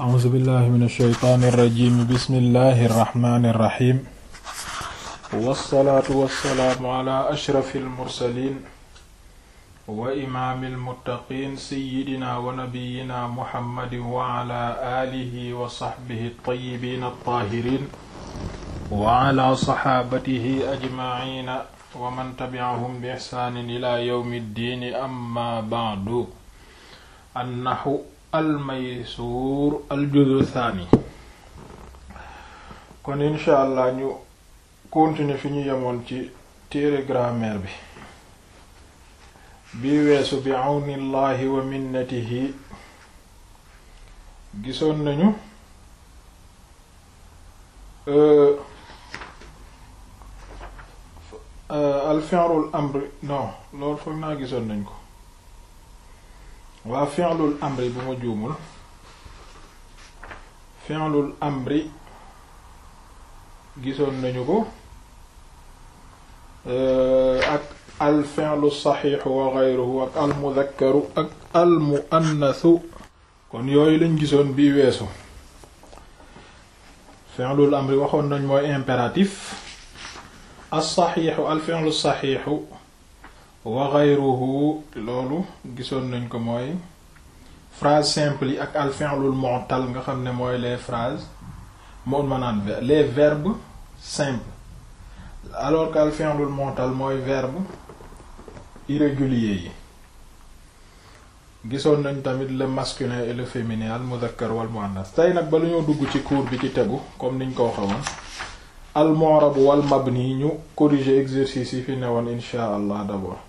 أعوذ بالله من الشيطان الرجيم بسم الله الرحمن الرحيم والصلاة والسلام على أشرف المرسلين وإمام المتقين سيدنا ونبينا محمد وعلى آله وصحبه الطيبين الطاهرين وعلى صحابته أجمعين ومن تبعهم بإحسان إلى يوم الدين أما بعد النحو almaysuur aljuzu thani kon incha allah ñu continuer fi ñu yemoon ci téere grammaire bi bii weesu bi àwnillaahi wa minnatihi gisoon nañu euh, euh, al fi'lul amri non loolu foog naa gisoon nañ ko waa fi'lul amri bu ma juumul fi'lul amri gisoon nañu ko euh, ak al fi'lu saxiix wa ghayruhu ak al mudhakkaru ak al muannasu kon yooyu lañ gisoon bii weesu fi'lul amri waxoon nañ mooy impératif as saxiixu al fi'lu saxiixu wa ghayruhu loolu gisoon nañ ko mooy phrase simple yi ak al fi'lul mu'tal nga xam ne mooy les phrases moon maanaam les verbes simples alors que al fi'lul mu'tal mooy verbe irrégulier yi gisoon nañ tamit le masculin et le féminin al mudhakkar wal muannas tey nag ba lu ñoo dugg ci cours bi ci tegu comme niñ ko waxe woon al mu'rab wal mabni ñu corriger exercice yi fi ne woon insha allah d'abord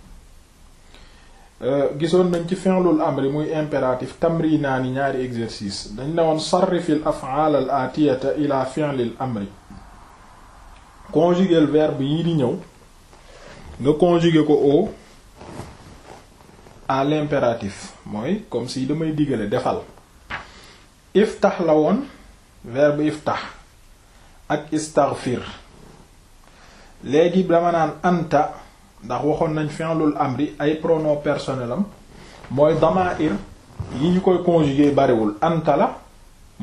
Euh, gisoon nañ ci fi'lul amri muy impératif tamrinaani ñaari exercice dañ ne woon sarrifil af'al al atiyata ila fi'lil amri conjuguer verbe yi di ñëw nga conjuguer ko au à l'impératif mooy comme si damay digale defal iftax la woon verbe iftax ak istaghfir léegi dama naan anta ndax waxoon nañ am amri ay pronom personnel am mooy damair yi ñu koy conjuguer bariwul anta la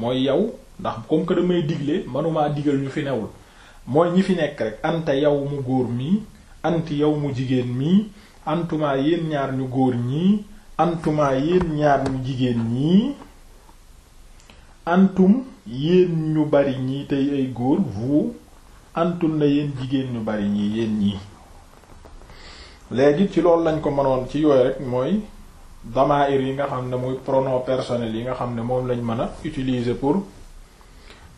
mooy yow ndax comme que damay digle manumaa digal ñu fi newul mooy ñi fi nekk rek anta yow mu góor mii ant yow mu jigéen mii antumaa yéen ñaar góor ñii antumaa yéen ñaar jigéen ñii antum yéen ñu bari ñii tey ay góor vous antum na yéen jigéen ñu bari ñii yéen ñii léegi ci loolu lañ ko mënoon ci yooyu rek mooy damair yi nga xam ne muy pronom personnel yi nga xam ne moom lañ mën a utiliser pour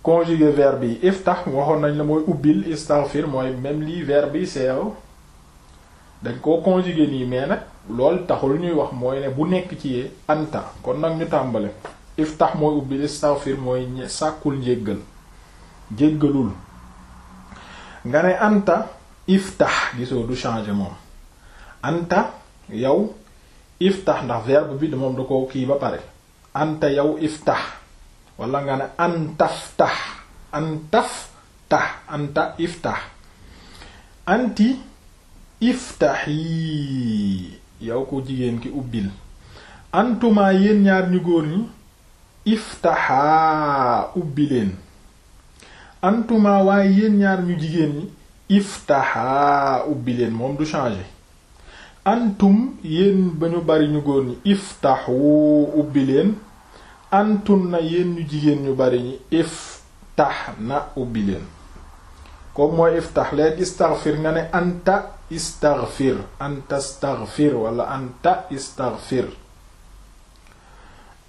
conjuguer verbe yi iftah waxoon nañ la mooy ubbil istaghfir mooy même lii verbe yi seew dañ koo conjuguer nii mais nag lool taxul ñuy wax mooy ne bu nekk ci anta kon nag ñu tàmbale iftah mooy ubbil fiir mooy sàkkul njéggal jéggalul nga ne anta iftah gisoo du changer moom anta yow iftah ndax verbe bi moom da ko kii ba pare anta yow iftah walla nga ne antaftah antaftah anta iftah anti iftahi yow ko jigéen ki ubbil antuma yéen ñaar ñu góor ñi iftaha ubbi leen antuma waaye yéen ñaar ñu jigéen ñi iftaha ubbi leen moom du changer antum yéen ba ñu bari ñu góor ñi iftahu ubbi leen antun na yenn ñu jigéen ñu bari ñi iftah na ubbi leen kooku mooy iftah léegi istaghfir nga ne anta istaghfir anta istaghfir wala anta istaghfir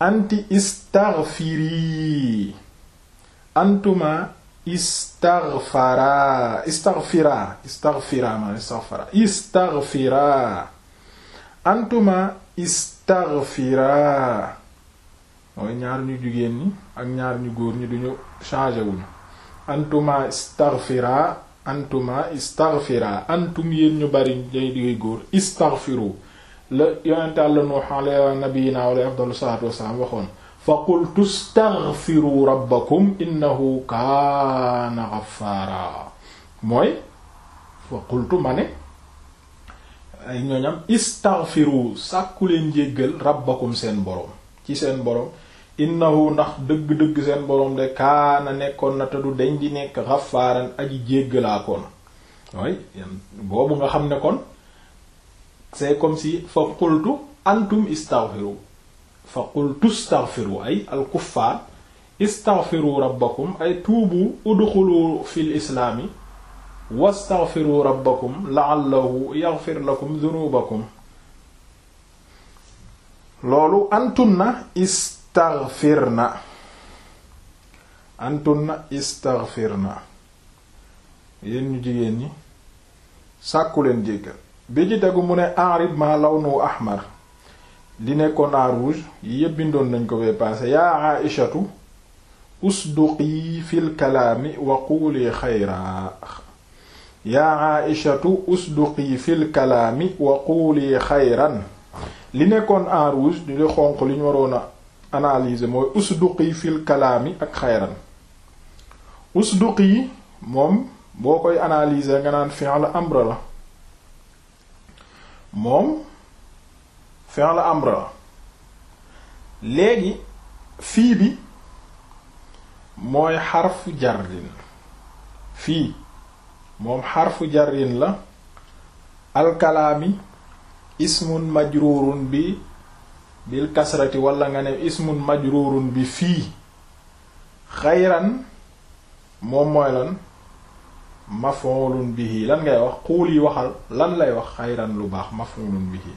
anti istaghfiri antuma istaghfara istaghfira istaghfira man istaghfara istaghfira antuma istaghfira mooy ñaar ñu jigéen ñi ak ñaar ñu góor ñi duñu changé wuñu antuma istaghfira antuma istaghfira antum yéen ñu bari day digay góor istaghfiru la yonente àlla nuux ala nabiyina alayhi afdalu salaatu wassalaam waxoon fa qultu staghfiru rabbakum innahu kaana ghaffara mooy fa qultu ma ne ay ñooñam istaghfiru sàkku leen jéggal rabbakum seen boroom ci seen boroom innahu ndax dëgg-dëgg seen boroom de kaana nekkoon na te du deñ di nekk xafaaran aji jéggalaa koon boobu nga xam ne kon c'est comme si fa qultu antum istaghfiru fa qultu istaghfiru ay alkuffaar istaghfiru rabbakum ay tuubu udxulu fil islaami wastaghfiru rabbakum la'allahu yaghfir lakum dhunubakum loolu antunna istaghfirna antunna jigéen ñi sàkku leen jéggal bi ci tegu mu ne arib ma lawnu ahmar li nekkoon en rouge yi yépp bindoon nañ ko bee passé yaa aïshatu usduqi fil kalaami wa quuli xayra yaa aïshatu usduqi li nekkoon en rouge di li xonq liñ waroon a analyser mooy usduqi fil kalaami ak xayran usduqi moom boo koy analyser nga naan fi'l amr la moom fi'l amr la léegi fii bi mooy xarfu jarrin fii moom xarfu jarrin la alkalaami ismun majrurun bi bil kasrati walla nga ne ismun majrurun bi fii xayran moom mooy lan maf'ulun bihi lan ngay wax xuul yi waxal lan lay wax xayran lu baax maf'ulun bihi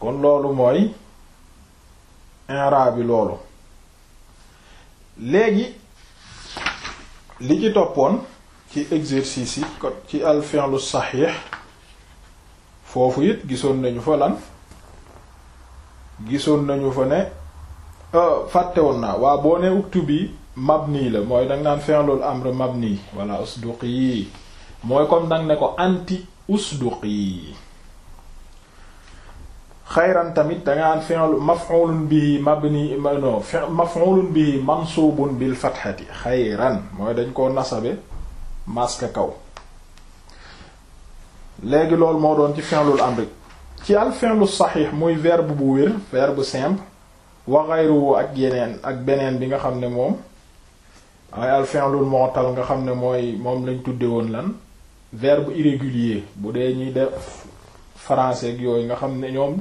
kon loolu mooy i'rab bi loolu léegi li ci toppoon ci exercice yi ci al fi'lu saxiix foofu it gisoon nañu fa lan gisoon nañu fa ne euh, fàttewoon naa waa boo ne uktu bi mabni la mooy danga naan fi'lul nii mabni walla usduqi mooy comme danga ne ko anti usduqi xayran tamit dangaan fi'l maf'ulun bihi mabni no maf'ulun bihi mansubun bil fathati xayran mooy dañ ko nasabe maska kaw léegi loolu moo doon ci fi'lul amri ci al fi'lu saxiix muy verbe bu wér verbe simple wa xayruhu ak yeneen ak beneen bi nga xam ne moom ay al fi'lul mu'tal nga xam ne mooy moom lañ tudde woon lan verbe irrégulier bu dee ñuy def français yooyu nga xam ne ñoom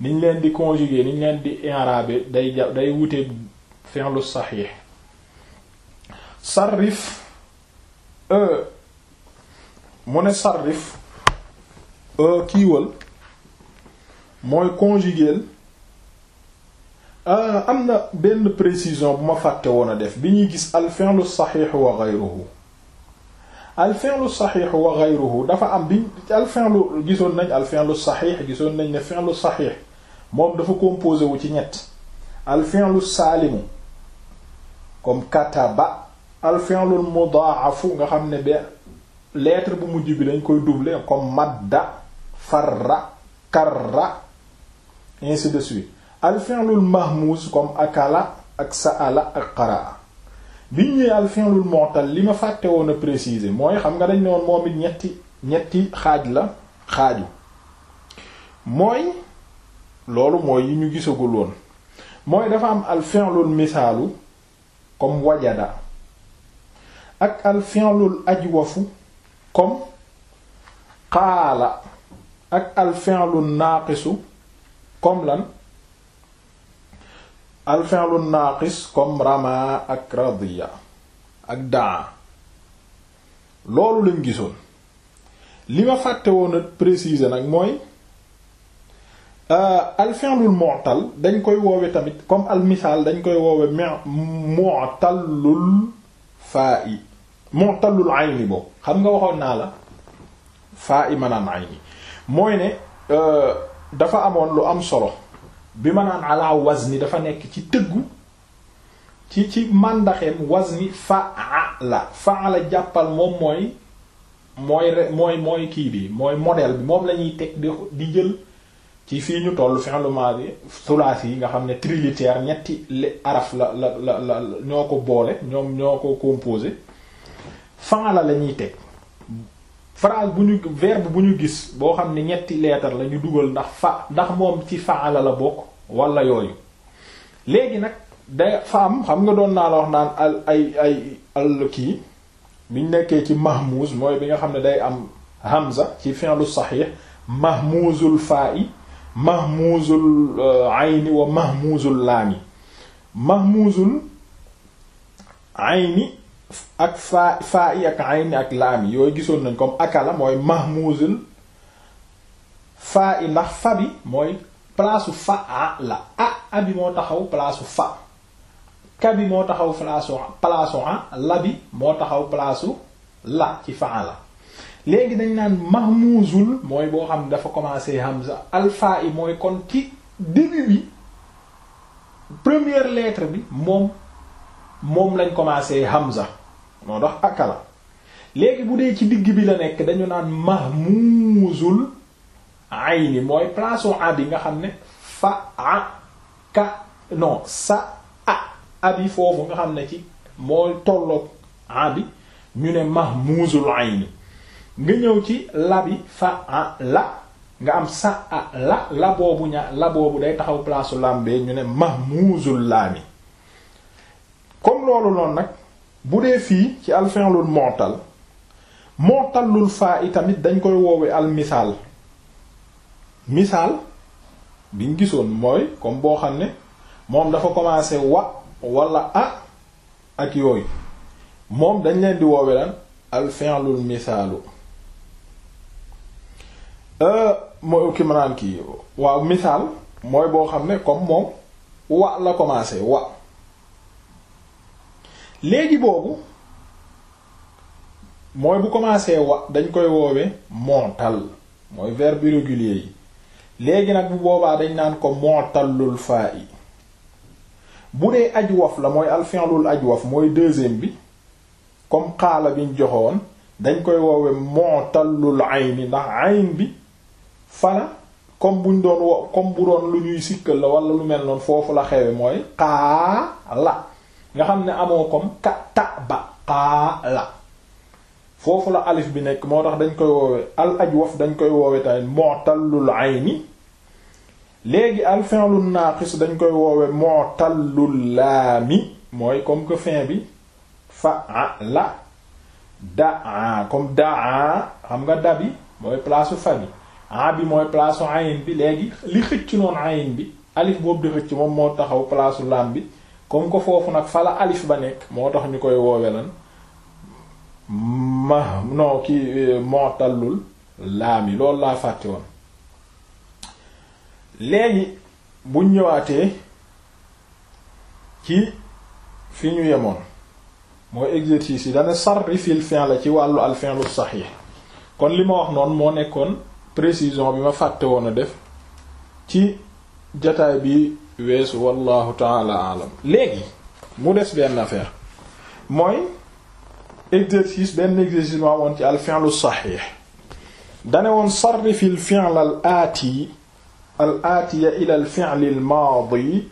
niñ leen di conjuguer niñ leen di i'rabe day ja day wute fi'lu saxiix sarrif e, mu ne sarrif e, kiiwal mooy conjuguer ah, am na benn précision bu ma fàtte woon a def bi ñuy gis al fi'lu saxiix wa ghayruhu al fi'lu saxiix wa ghayruhu dafa am bi al fi'lu gisoon nañ al fi'lu saxiix gisoon nañ ne fi'lu saxiix moom dafa composé wu ci ñett al fi'lu saalimu comme kataba al fi'lu mudaafu nga xam ne be lettre bu mujj bi lañ koy doubler comme madda farra karra ainsi de suite al fi'lu mahmuz comme akala ak sa'ala ak qaraa biñ ñëwee al fi'lu mu'tal li ma fàtte woon a préciser mooy xam nga dañ ne woon moom it ñetti ñetti xaaj la xaaju mooy loolu mooy yi ñu gisagul woon mooy dafa am al fi'lul misaalu comme wajada ak al fi'lul ajwafu comme qaala ak al fi'lun naaqisu comme lan al fi'lun naaqis rama ak radiya ak daa loolu lañ gisoon li ma fàtte woon a préciser nag mooy Euh, al fi'lul mu'tal dañ koy woowe tamit comme al misaal dañ koy woowe mu'tallul fa'i mu'tallul ayni boobu xam nga waxoon naa la fa'i manaan ayni mooy ne euh, dafa amoon lu am solo bi ma naan ala wazni dafa nekk ci tëggu ci ci màndaxeem wazni fa'ala fa'ala jàppal moom mooy mooy mooy mooy kii bi mooy modèle bi moom la teg di jël ci fii ñu toll fi'lu maadi sulaas yi nga xam ne trilitère ñetti li araf la la la ñoo ko boole ñoom ñoo ko composé fa'ala la ñuy teg phrase bu ñu verbe bu ñu gis boo xam ne ñetti leetar la ñu dugal ndax fa ndax moom ci fa'ala la bokk wala yooyu léegi nag da fa am xam nga doon naa la wax naan al ay ay al kii biñ nekkee ci mahmuz mooy bi nga xam ne day am hamza ci fi'lu sahih mahmuzul fa'i mahmuzul euh, ayni wa mahmuzul laami mahmuzul ayni ak faa faa yi ak ayni ak laami yooyu gisoon nañ comme akala mooy mahmuzul faa i ndax fabi mooy palaasu fa a la a a bi moo taxaw palaasu fa ka moo taxaw palaasu palaasu a la bi moo taxaw palaasu la ci fa a la léegi dañ naan mahmuzul mooy boo xam dafa commencé hamza alfa yi mooy kon ci début bi première lettre bi moom moom lañ commencé hamza moo dox akala léegi bu dee ci digg bi la nekk dañu naan mahmuzul ayni mooy place u yi nga xam ne fa a ka sa a abi foofu nga xam ne ci mooy tolloog abi ñu ne mahmuzul ayni nga ñëw ci labi bi a la nga am sa a la la boobu ña la boobu day taxaw place lambee ñu ne mahmuzul laami comme loolu noonu nag bu dee fii ci al fi'lul mu'tal mu'talul faa itamit dañ koy woowee al misaal misaal biñ gisoon mooy comme boo xam ne moom dafa commencé wa walla a ak yooyu moom dañ leen di woowee lan al fi'lul misaalu Euh, mooy ki ma naan kii waaw misaal mooy boo xam ne comme moom wa la commencé wa léegi boobu mooy bu commencé wa dañ koy woowe mootal mooy verbe irrégulier yi léegi nag bu boobaa dañ naan ko mootalul faa yi bu dee ajwaf la mooy al aj ajwaf mooy deuxième bi comme xaala biñ joxoon dañ koy woowe mootalul ayni ndax ayn bi fana comme buñ doon wo comme bu doon lu ñuy sikkal la wala lu mel noonu foofu la xewe mooy xaa nga xam ne amoo comme ka ta ba xaa la foofu la alif bi nekk moo tax dañ koy woowe al ajwaf dañ koy woowe tamit mu'tallul ayni léegi al fi'lun naaqis dañ koy woowe mu'tallul laami mooy comme que fin bi fa'ala da'a comme da'a xam nga dabi mooy place fa a bi mooy place ayin bi léegi li xëcc noonu ayin bi alif boobu di xëcc moom moo taxaw place lam bi comme ko foofu nag fala alif ba nekk moo tax ñu koy woowe lan ma non ki e, moo tallul laam yi loolu laa fàtte woon léegi buñ ñëwaatee ki fi ñu yemoon mooy exercice yi dana sarrifil la ci wàllu alfin fi'lu sahih kon li ma wax noonu moo nekkoon précision bi ma fàtte woon a def ci jataay bi weesu wallahu taala alam léegi mu des benn affaire mooy exercice benn exercice ma woon ci al fi'lu saxiix dane woon sarrif al fi'l al aati al aatiya ila al fi'l al maadi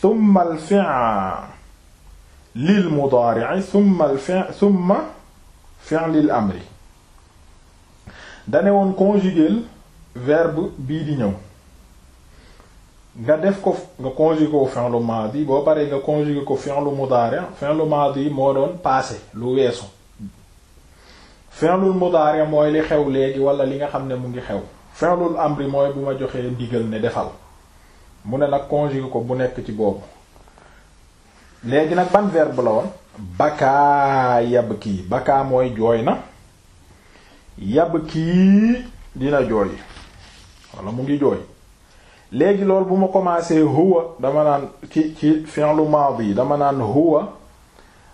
thumma al fi'l lil mudaari' thumma al fi'l thumma fi'l al amri dane woon conjuguer verbe bii di ñëw nga def ko nga conjuguer ko fi'lu madi boo paree nga conjuguer ko fi'lu mudari fi'lu madi moo doon passé lu weesu fi'lu mudari mooy li xew léegi wala li nga xam ne mu ngi xew fi'lu amri mooy bu ma joxee ndigal ne defal mu ne nag conjuguer ko bu nekk ci boobu léegi nag ban verbe la woon bakaa yabki bakaa mooy jooy na yab kii dina jooy wala mu ngi jooy léegi loolu bu ma commencé huwa dama naan ci ci fi'lu maadi dama naan huwa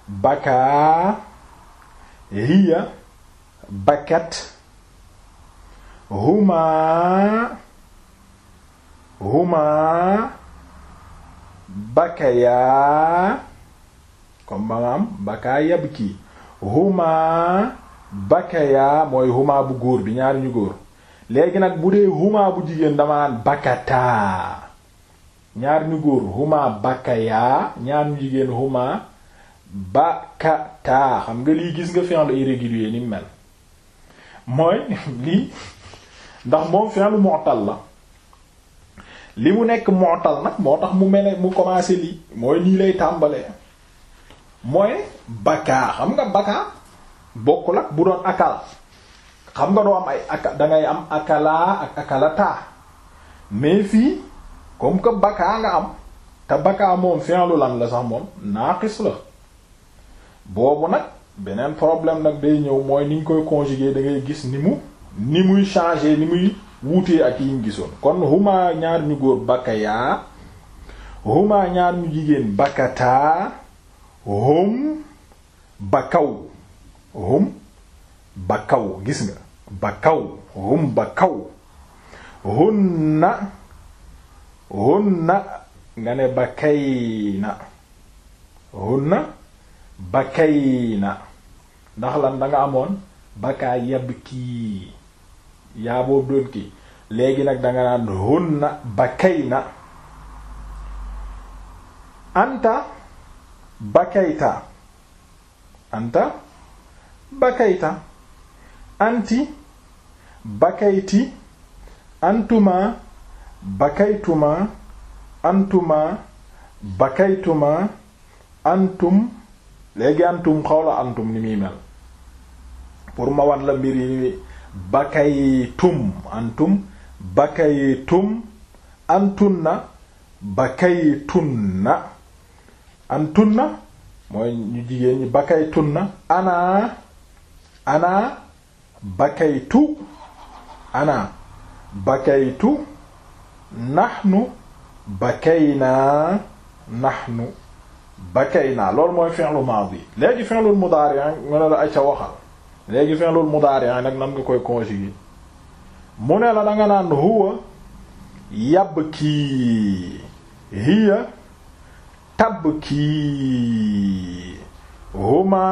bakaa hiya bakat huma huma bakayaa comme maanaam bakaa yab kii huma bakayaa mooy huma bu góor bi ñaari ñu góor léegi nag bu dee huma bu jigéen dama naan bakataa ñaar ñu góor huma bakayaa ñaar ñu jigéen huma bakataa xam nga lii gis nga fi'l irrégulier ni mel mooy lii ndax moom fi'l mu'tal la li mu nekk mu'tal nag moo tax mu mel mu commencé lii mooy nii lay tàmbalee mooy bakaa xam nga bakaa bokk ak bu doon akal xam nga doo am ay aka dangay am akalaa ak akalataa mais fii comme que bakaa nga am te bakaa moom fi'lu lan la sax moom naaqis la boobu nag beneen problème nag day ñëw mooy ni ñu koy conjuguer da ngay gis ni mu ni muy changer ni muy wuutee ak yi ñu gisoon kon huma ñaar ñu góor bakayaa huma ñaar ñu jigéen bakataa hum bakaw ba kaw gis nga bakaw hum na hunna na nga ne bakayna hunna bakayna ndax lan da nga amoon bakaa yabkii yaa boobu doon kii léegi nag danga naan hunna bakayna anta bakayta anta bakayta anti bakayti antuma bakaytuma antuma bakaytuma antum léegi antum xawla antum ni muy mel pour ma wan la mbir yi bakaytum antum bakaytum antunna bakaytunna antunna mooy ñu jigéen ñi bakaytunna ana ana bakaytu ana bakaytu nahnu bakaynaa nahnu bakaynaa loolu mooy fi'lu maadi léegi fi'lul mudaari' mu ne la ay ca waxal léegi fi'lul mudaari' nag nan nga koy conjuguer mu ne la da naan huwa yabkii hiya tabkii huma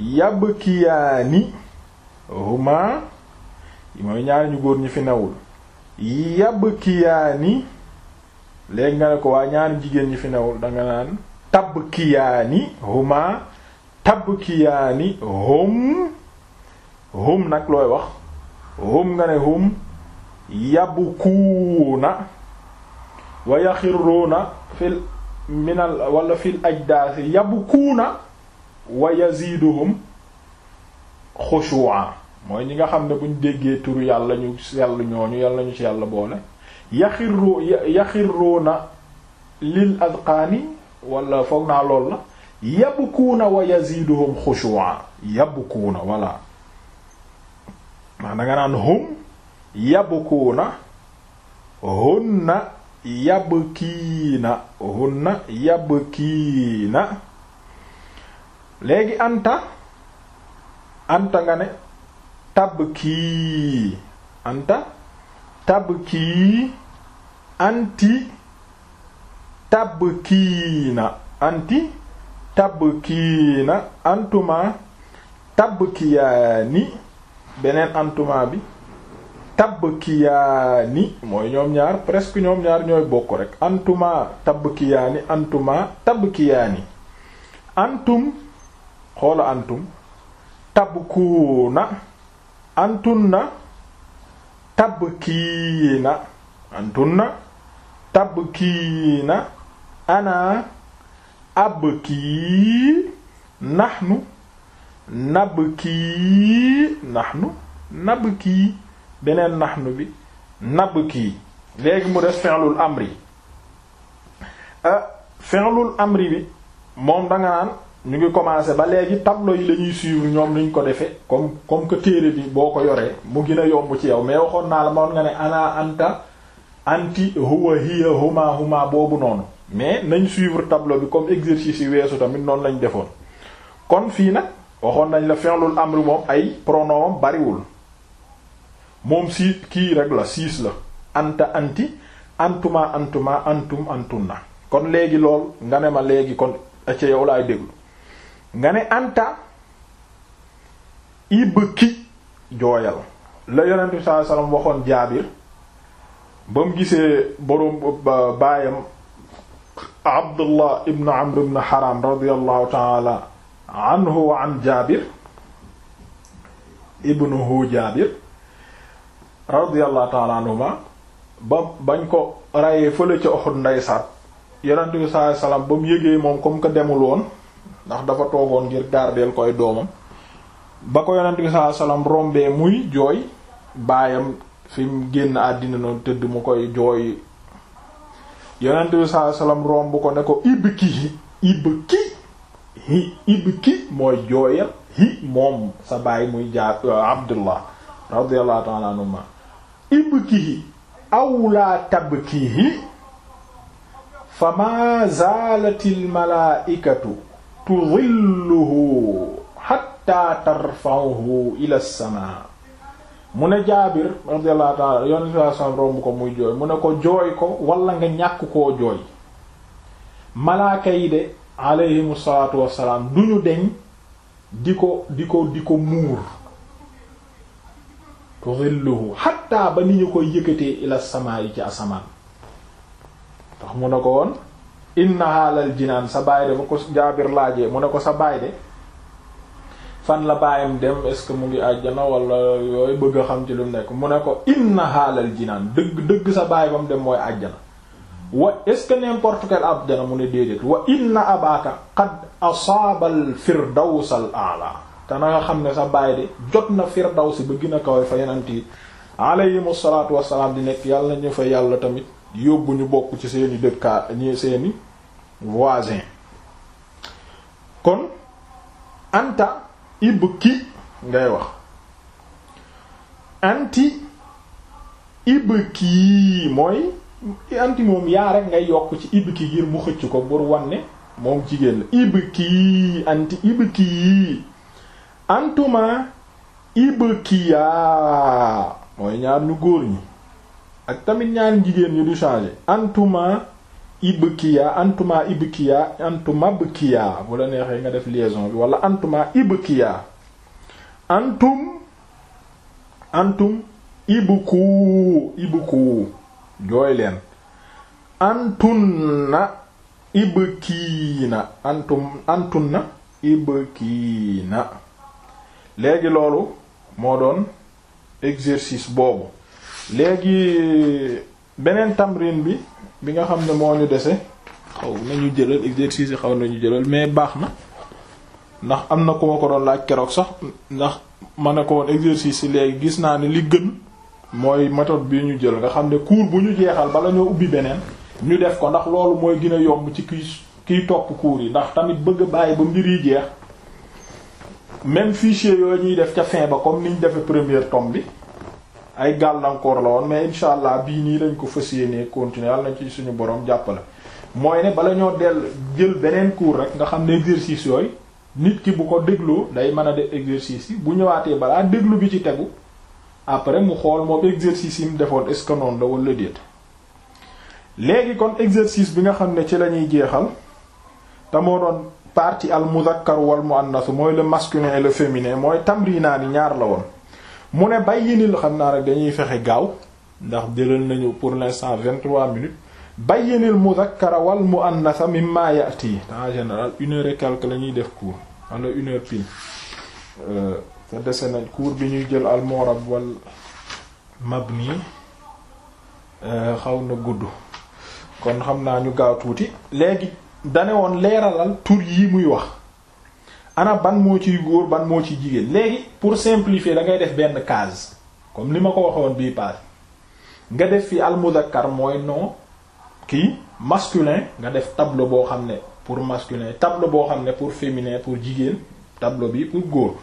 yabkiyaani huma mooy ñaari ñu góor ñi fi newul yabkiyaani léegi nga ne ko waa ñaari jigéen ñi fi newul danga naan tabkiyaani huma tabkiyaani hum hum nag looy wax hum nga ne hum yabkuuna wa yaxirruuna fil minal wala fil ajdaasi yabkuuna wa xushu'a mooy ñi nga xam ne buñ déggee turu yàlla ñu sell ñooñu yàlla ñu ci yàlla boole yaxirru yaxirruuna lil adqaani wala foog naa lool la yabkuuna wa yaziduhum xushu'a yabkuuna wala maa da nga naan hum yabkuuna hunna yabkiina hunna yabkiina léegi anta anta nga ne tabb kii anta tabb kii anti tabb kii na anti tabb kii na antuma tabb kiyaa ni beneen antuma bi tabb kiyaa ni mooy ñoom ñaar presque ñoom ñaar ñooy bokku rek antuma tabb kiyaa ni antuma tabb kiyaa ni antum xoola antum tabkuuna antunna tabkiina antunna nu ana abkii nahnu nu nahnu kii beneen nahnu bi nabkii léegi mu des fi'lul amri ah, fi'lul amri bi moom danga naan ñu ngi commencé ba léegi tableau yi lañuy suivre ñoom niñ ko defee comme comme téere bi boo ko yoree mu gina a yomb ci yow mais waxoon naa la moom nga ne ana anta anti huwa hiya huma huma boobu noonu mais nañ suivre tableau bi comme exercice yi weesu tamit noonu lañ defoon kon fii nag waxoon nañ la fi'lul amri moom ay pronom bariwul moom si kii rek la siis anti antuma antuma antum antunna kon léegi lool nga ne ma léegi kon acca yow laay déglu nga ne anta ibki jooyal la yonent bi sallallahu alayhi waxoon jaabir ba mu gisee boroom baayam abdullah ibn amr ibn haram radiyallahu taala anhu wa an jaabir ibnuhu jaabir radiyallahu taala anhuma ba bañ ko rayee fële ca Uhud ndeysaan yonent bi sallallahu alayhi wasallam ba mu yëgee moom comme que demul woon ndax dafa toogoon ngir gardeel koy doomam ba ko yonent bi saa salaam rombee muy jooy baayam fi mu génn àddina noonu tëdd mu koy jooy yonent bi saa salaam romb ko ne ko ibb ki hi ki mooy jooyal hi moom sa baay muy jaar euh, abdullah radiyallahu ta'ala anhuma ibb ki hi aw laa tab ki hi fa ma zaalatil malaa'ikatu tudilluhu hatta tarfa'uhu ila samaa mu ne jaabir radiyallahu ta'ala yoon situation romb ko muy jooy mu ne ko jooy ko wala nga ñàkk koo jooy malaaka yi de aleyhimu salaatu wassalaam du ñu deñ di ko di ko di ko muur tudilluhu hatta ba ni ñu koy yëkkatee ila samaa yi ci asamaan tax mu ne ko woon inna haalal jinaan sa baay de ba ko jaabir laajee mu ne ko sa baay de fan la baayam dem est ce que mu ngi àjjana wala yooyu bëgg a xam ci lu nekk mu ne ko inna haalal jinaan dëgg dëgg sa baay ba dem mooy àjjana wa est ce que n'importe quel abdana mu ne déedéet wa inna abaka qad asaabal firdawsal a'la te na xam ne sa baay de jot na firdawsi ba gën a kawe fa yenant yi aleyhim asalatu wasalaam di nekk yàlla ñu fa yàlla tamit yóbbu ñu bokk ci seeni dëkkaa voisin kon anta ibki ngay wax anti ibki mooy anti moom yaa rek ngay yokk ci ibki ngir mu xëcc ko bur wanne moom jigéen la ibki anti ibki antuma ibkiyaa mooy ñaar ñu góor ñi ak tamit ñaar jigéen ñi du changer antuma ibkiya antuma ibkiya antuma bkiya bu la neexee nga def liaison bi wala antuma ibkiya antum antum ibku ibku jooy leen antunna ibkiina antum antunna léegi loolu moo doon exercice boobu léegi beneen tamrin bi bi nga xam ne moo ñu dese xaw nañu jëlal exercice yi xaw ñu jëlal mais baax na ndax am na ku ko doon laaj keroog sax ndax ma ne ko woon exercice yi léegi gis naa ni li gën mooy méthode bi ñu jël nga xam ne cours bu ñu jeexal bala ñoo ubbi beneen ñu def ko ndax loolu mooy gën a yomb ci kii kiy topp cours yi ndax tamit bëgg bàyyi ba mbir yi jeex même fichier yooyu ñuy def ca fin ba comme ni ñu defee première tome bi ay gàllankoor la woon mais incha allah bii nii lañ ko fas yéenee continuer yàlla na ci suñu borom jàppale. mooy ne bala ñoo dell jël beneen cours rek nga xam ne exercice yooyu nit ki bu ko dégloo day mën a def exercice yi bu ñëwaatee balaa déglu bi ci tegu après mu xool moom exercice yi mu defoon est-ce que noonu la wala déet. léegi kon exercice bi nga xam ne ci la ñuy jeexal te moo doon partie al muzakkar wal muannas mooy le masculin et le féminin mooy tamrinaa ni ñaar la woon. mu ne bay bayyinil xam naa rek dañuy fexe gaaw ndax jëlal nañu pour l'instant vingt-trois minutes bayyinil muzakkara wal muannasa mimma yati en général une heure et quelque la ñuy def cours wala une heure pile euh, dese nañ cours bi ñuy jël al murab wal mabni euh, xaw na gudd kon xam naa ñu gaaw tuuti léegi dane woon leeralal tur yi muy wax ana ban moo ciy góor ban moo ciy jigéen léegi pour simplifier da ngay def benn case comme li ma ko waxoon bii passé nga def fi almuzakkar mooy non kii masculin nga def tableau boo xam ne pour masculin tableau boo xam ne pour féminin pour jigéen tableau bi pour góor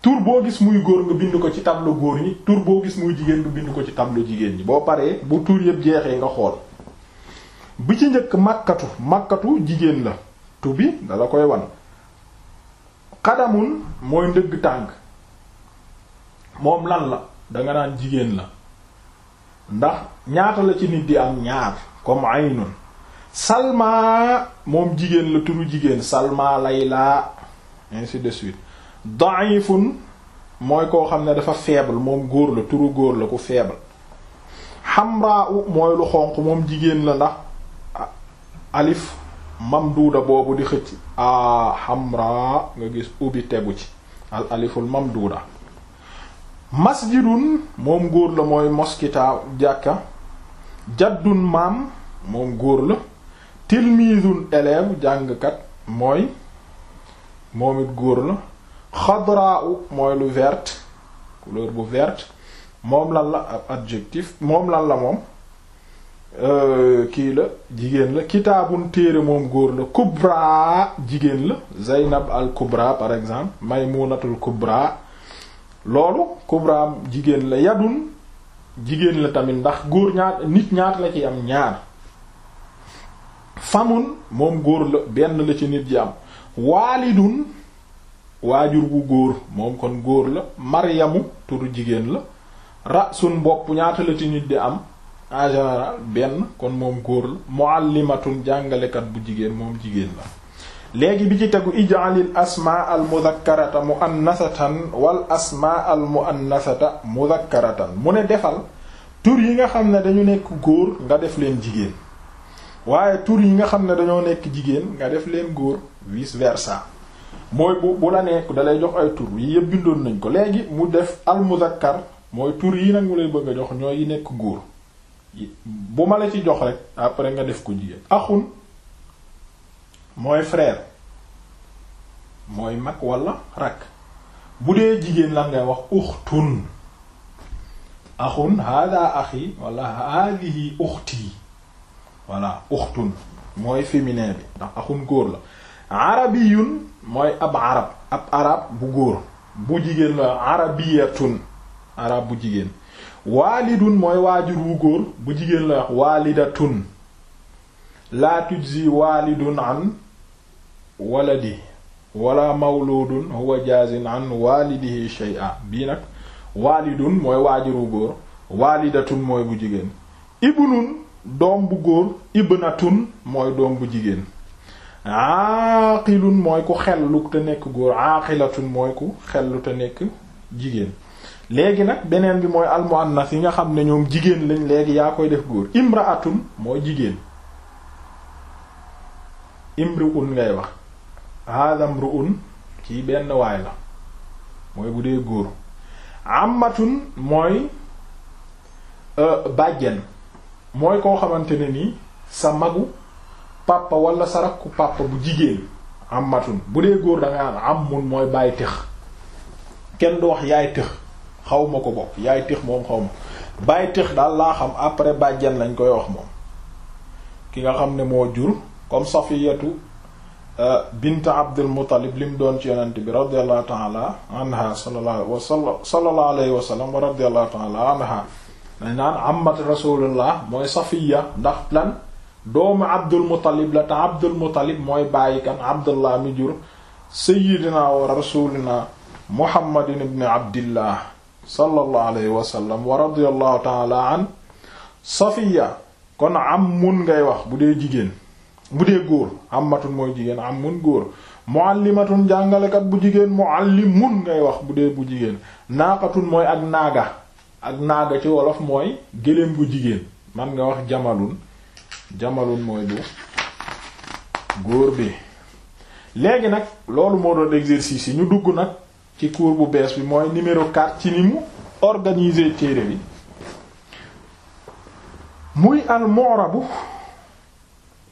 tur boo gis muy góor nga bind ko ci tableau góor ñi tur boo gis muy jigéen lu bind ko ci tableau jigéen ñi boo paree bu tur yëpp jeexee nga xool bi ci njëkk màkkatu màkkatu jigéen la tu bi dala koy wan xadamun mooy ndëgg tànk moom lan la danga naan jigéen la ndax ñaata la ci nit di am ñaar comme aynun salma moom jigéen la turu jigéen salma layla ainsi de suite da'ifun mooy koo xam ne dafa faible moom góor la turu góor la ku feebal hamra u mooy lu xonq moom jigéen la ndax alif duuda boobu di xëcc a hamra nga gis ubi tegu ci al aliful mamduda masjidun moom góor la mooy moskita jàkka jaddun maam moom góor la tilmizun élève jàngkat mooy moom góor la xadraa u mooy lu verte couleur bu verte moom lan la ab adjectif moom lan la moom Euh, kii la jigéen la kitaabun téere moom góor la kubra jigéen la Zaynab al kubra par exemple Maymunatul kubra loolu kubra jigéen la yadun jigéen la tamit ndax góor ñaar nit ñaar la ci am ñaar famun moom góor la benn la ci nit ji am waalidun waajur bu góor moom kon góor la maryamu turu jigéen la rasun bopp ñaata la ci nit di am en général benn kon moom góor la muallimatun jàngalekat bu jigéen moom jigéen la léegi bi ci tegu ij'alil asmaa al mudhakkarata muannasatan wal asmaa al muannasata mudhakkaratan mu ne defal tur yi nga xam ne dañu nekk góor nga def leen jigéen waaye tur yi nga xam ne dañoo nekk jigéen nga def leen góor vice versa mooy bu bu la nekk da jox ay tur yi yëpp bindoon nañ ko léegi mu def al mudhakkar mooy tur yi nag mu lay bëgg a jox ñooy yi nekk góor bu ma la ci jox rek après nga def ko jigéen axun mooy frère mooy mag walla rakk bu dee jigéen la ngay wax uxtun axun hada axi wala hadihi uxti voilà uxtun mooy féminin bi ndax axun góor la arabiyun mooy ab arab ab arab bu góor bu jigéen la arabiyatun arab bu jigéen waalidun mooy waajur wu góor bu jigéen la wax waalidatun laa tujzi waalidun an waladi wala mawludun huwa jaazin an waalidihi shay'an bii nag waalidun mooy waajur wu góor waalidatun mooy bu jigéen ibnun doom bu góor ibnatun mooy doom bu jigéen aaqilun mooy ku xellu te nekk góor aaqilatun mooy ku lu te nekk jigéen léegi nag beneen bi mooy almuannas yi nga xam ne ñoom jigéen lañ léegi yaa koy def góor imraatun mooy jigéen imruun ngay wax haadam ruun kii benn waay la mooy bu dee góor amatun mooy euh, bàjjen mooy koo xamante ne nii sa magu papa walla sa rakku papa bu jigéen amatun bu dee góor da nga am mooy bàyyi tëx kenn du wax yaay tëx xaw ma ko bokk yaay tëx moom xaw ma baay tëx daal laa xam après bàjjan lañ koy wax moom ki nga xam ne moo jur comme safiyatu euh, bint abdul muttalib lim doon ci yonent bi radiallahu taala anha sallallahu wa sallallahu alayhi wa sallam wa radiallahu anha dañ naan amat rasulullah mooy safiya ndax lan doomu abdul muttalib la te abdul muttalib mooy bàyyi kan abdullah mi jur sayyidina wa rasulina muhammadin ibn abdillah sallallahu alayhi wa sallam wa radiyallahu taala an safiya kon ammun ngay wax bu dee jigéen bu dee góor ammatun mooy jigéen mun góor muallimatun jàngalekat bu jigéen muallimun ngay wax bu dee bu jigéen naaqatun mooy ak naaga ak naaga ci wolof mooy gëléem gu jigéen man nga wax jamalun jamalun mooy bu góor bi léegi nag loolu moo doon exercice yi ñu dugg nag ci cours bu bees bi mooy numéro 4 ci ni mu organiser téere bi muy al-mu'rabu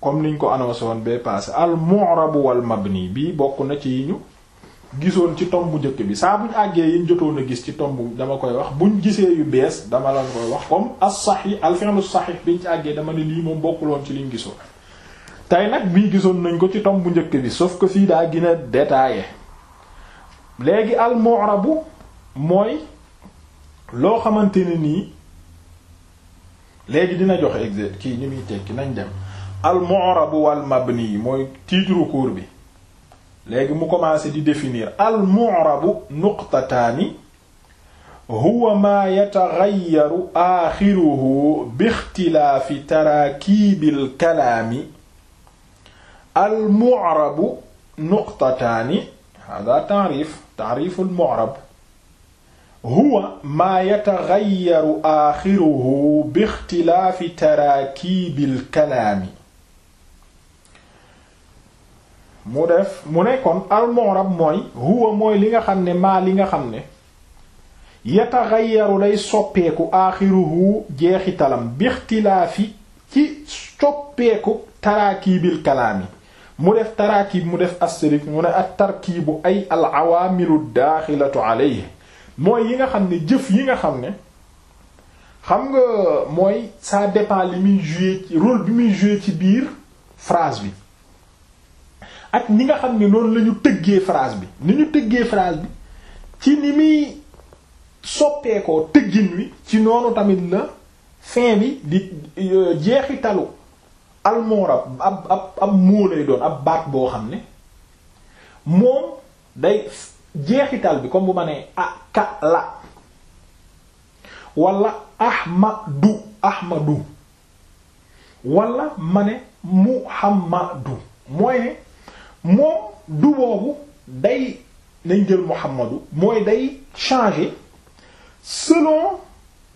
comme niñ ko annoncé woon bee passé al-mu'rabu wal mabni bii bokk na ci yi ñu gisoon ci tomb bu njëkk bi saa buñ àggee yiñ jotoon a gis ci tomb dama koy wax buñ gisee yu bees dama la koy wax comme as-sahih al-fi'l biñ ci àggee dama ne lii moom bokkuloon ci liñ gisoo tey nag bii gisoon nañ ko ci tomb bu njëkk bi sauf ko fii daa gën a léegi al mu'rabu mooy loo xamante ne nii léegi dina jox exer kii ni muy tekki nañ dem al mu'rabu wal mabni mooy titre cours bi léegi mu commencé di définir al mu'rabu nuqtataani huwa maa yataxayyaru aaxiruhu bi ixtilaafi taraakiibil kalaami al mu'rabu nuqtataani hada ta'rif taariful mu'rab huwa maa yataxayyaru aaxiruhu bi ixtilaafi taraakiibil kalaami mu def mu ne kon al mooy huwa mooy li nga xam ne maa li nga xam ne yataxayyaru lay soppeeku aaxiruhu jeexitalam bi ixtilaafi ci soppeeku taraakiibil kalaami mu def taraakib mu def astérisque mu ne ak tarkiibu ay al awaamilu daaxilatu alayhi mooy yi nga xam ne jëf yi nga xam ne xam nga mooy ça dépend li muy jouer ci rôle bi muy jouer ci biir phrase bi ak ni nga xam ne noonu lañu tëggee phrase bi ni ñu tëggee phrase bi ci ni muy soppeekoo tëggin wi ci noonu tamit la fin bi di jeexi euh, jeexitalu almurab ab ab ab moo lay doon ab baat boo xam ne moom day jeexital bi comme bu ma nee akala wala ahmadu ahmadu wala ma ne muhammadu mooy ne moom du boobu day nañ jël muhammadu mooy day changer selon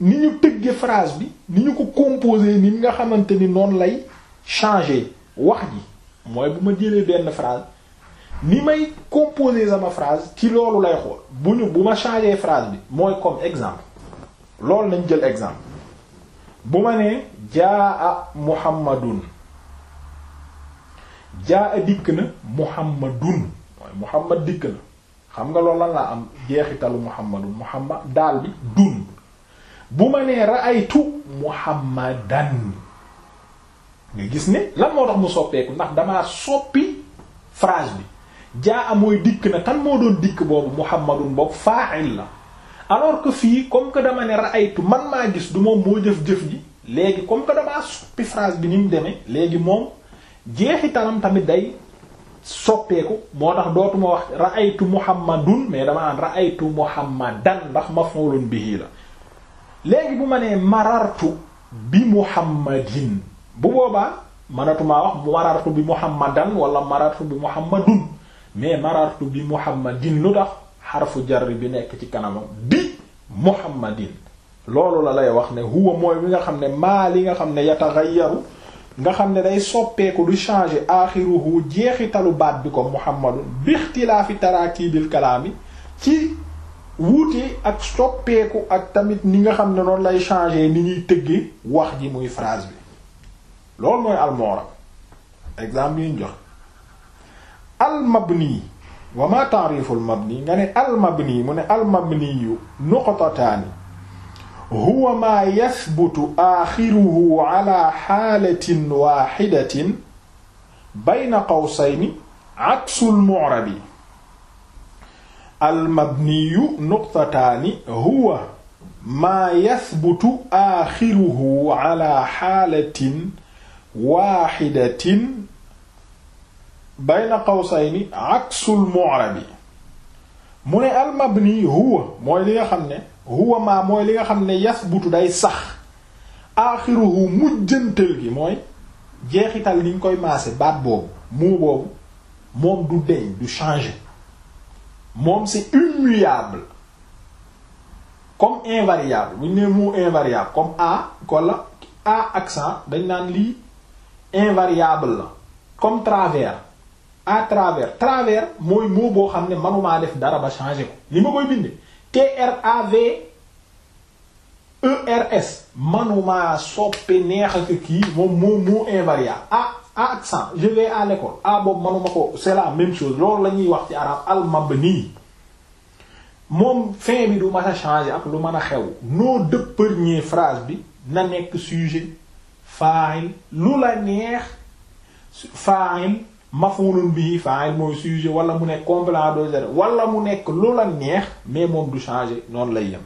ni ñu tëgge phrase bi ni ñu ko composer ni nga xamante ni noonu lay changer wax ji mooy bu ma jëlee benn phrase ni may composer sama phrase ci loolu lay xool bu ñu bu ma changer phrase bi mooy comme exemple loolu nañ jël exemple bu ma nee jaa a muhammadun jaa a dikk na muhammadun mooy muhammad dikk na xam nga lool lan laa am jeexitalu muhammadun muhammad daal bi dun bu ma nee ra'aytu muhammadan nga gis ne lan moo tax mu soppeeku ndax damaa soppi phrase bi jaa mooy dikk na tan moo doon dikk boobu muhammadun boobu fa'il la alors que fii comme que dama ne ra'aytu man maa gis du moom moo jëf-jëf ji léegi comme que damaa soppi phrase bi nu ñu demee léegi moom jeexitalam tamit day soppeeku moo tax dootuma wax ra'aytu muhammadun mais dama naan ra'aytu muhammadan ndax ma maf'ulun bihi la léegi bu ma nee marartu bi muhammadin bu boobaa manatumaa wax marartu bi muhammadan wala marartu bi muhammadun mais marartu bi muhammadin lu tax xarfu jar bi nekk ci kanamam bi muhammadin loolu la lay wax ne huwa mooy bi nga xam ne maa li nga xam ne yataxayyaru nga xam ne day soppeeku du changer aaxiruhu talu baat bi ko muhammadun bi ixtilaafi taraakiibil bi ci wuute ak soppeeku ak tamit ni nga xam ne noonu lay changer ni ñuy tëgge wax ji muy phrase bi loolu mooy almoorab exemple yi ñu jox almabni wa ma taariful mabni nga ne almabni mu ne almabni yu nuqatataani huwa ma yathbutu aaxiruhu ala xaalatin waaxidatin bayna qawsayni aksul mu'rabi almabniyu nuqtataani huwa maa yathbutu aaxiruhu ala xaalatin waaxidatin bayna qawsayni aksul mu'rabi mu ne al mabni huwa mooy li nga xam ne huwa maa mooy li nga xam ne yasbutu day sax aaxiruhu mujjantal gi mooy jeexital liñ koy maase baat boobu moo boobu moom du deñ du changer moom c'est immuable comme invariable bu ñu nee mot invariable comme a kolla a accent dañ naan lii invariable la comme travers à travers travers mooy mot boo xam ne manumaa def dara ba changer ko li ma koy bindee trav ers manumaa soppi neex ak kii moom moo moo invariable ah ah accent je vais à l'école ah boobu manuma ko c'est la même chose loolu la ñuy wax ci arabe al mabni moom fin bi du mën a changer ak lu mën a xew noo dëpparñee phrase bi na nekk sujet fa'il lu la neex fa'il bi bihi fa'il mooy sujet wala mu nekk complément d'objet wala mu nekk lu la neex mais moom du changer noonu lay yem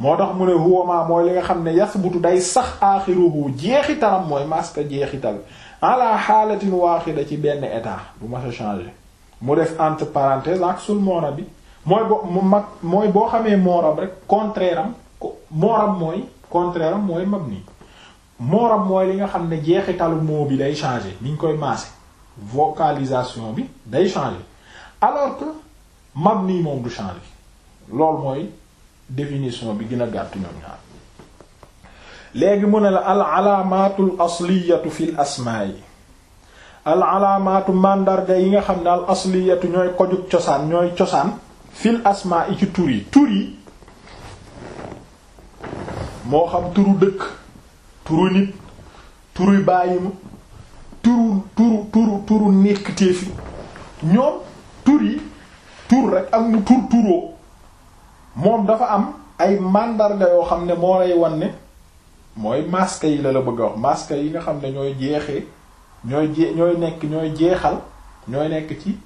moo tax mu ne huwama mooy li nga xam ne yasbutu day sax bu aaxiruhu jeexitalam mooy maska jeexital ala xaalatin waaxida ci benn état bu ma sa changer mu def entre parenthèse ak sul moora bi mooy bo mu mag mooy boo xamee mooram rek contraire am ko mooram mooy contraire am mooram mooy li nga xam ne jeexitalu moo bi day changer ni ñu koy maase vocalisation bi day changer alors que mabni moom du changer loolu mooy définition bi gën a gàtt ñoom ñaar léegi mu ne la al alaamaatul asliyatu fil asmaa yi al alaamaatu màndarga yi nga xam ne al asliyatu ñooy kojug cosaan ñooy cosaan fil asmaa yi ci tur yi tur yi moo xam turu dëkk turu nit turu bàyyima turu turu turu turu nekkteefi ñoom tur yi tur rek ak mu tur turoo moom dafa am ay mandarga yoo xam ne moo lay wan ne mooy masque yi la la bëgg a wax masque yi nga xam ne ñooy jeexee ñooy jee ñooy nekk ñooy jeexal ñooy nekk ci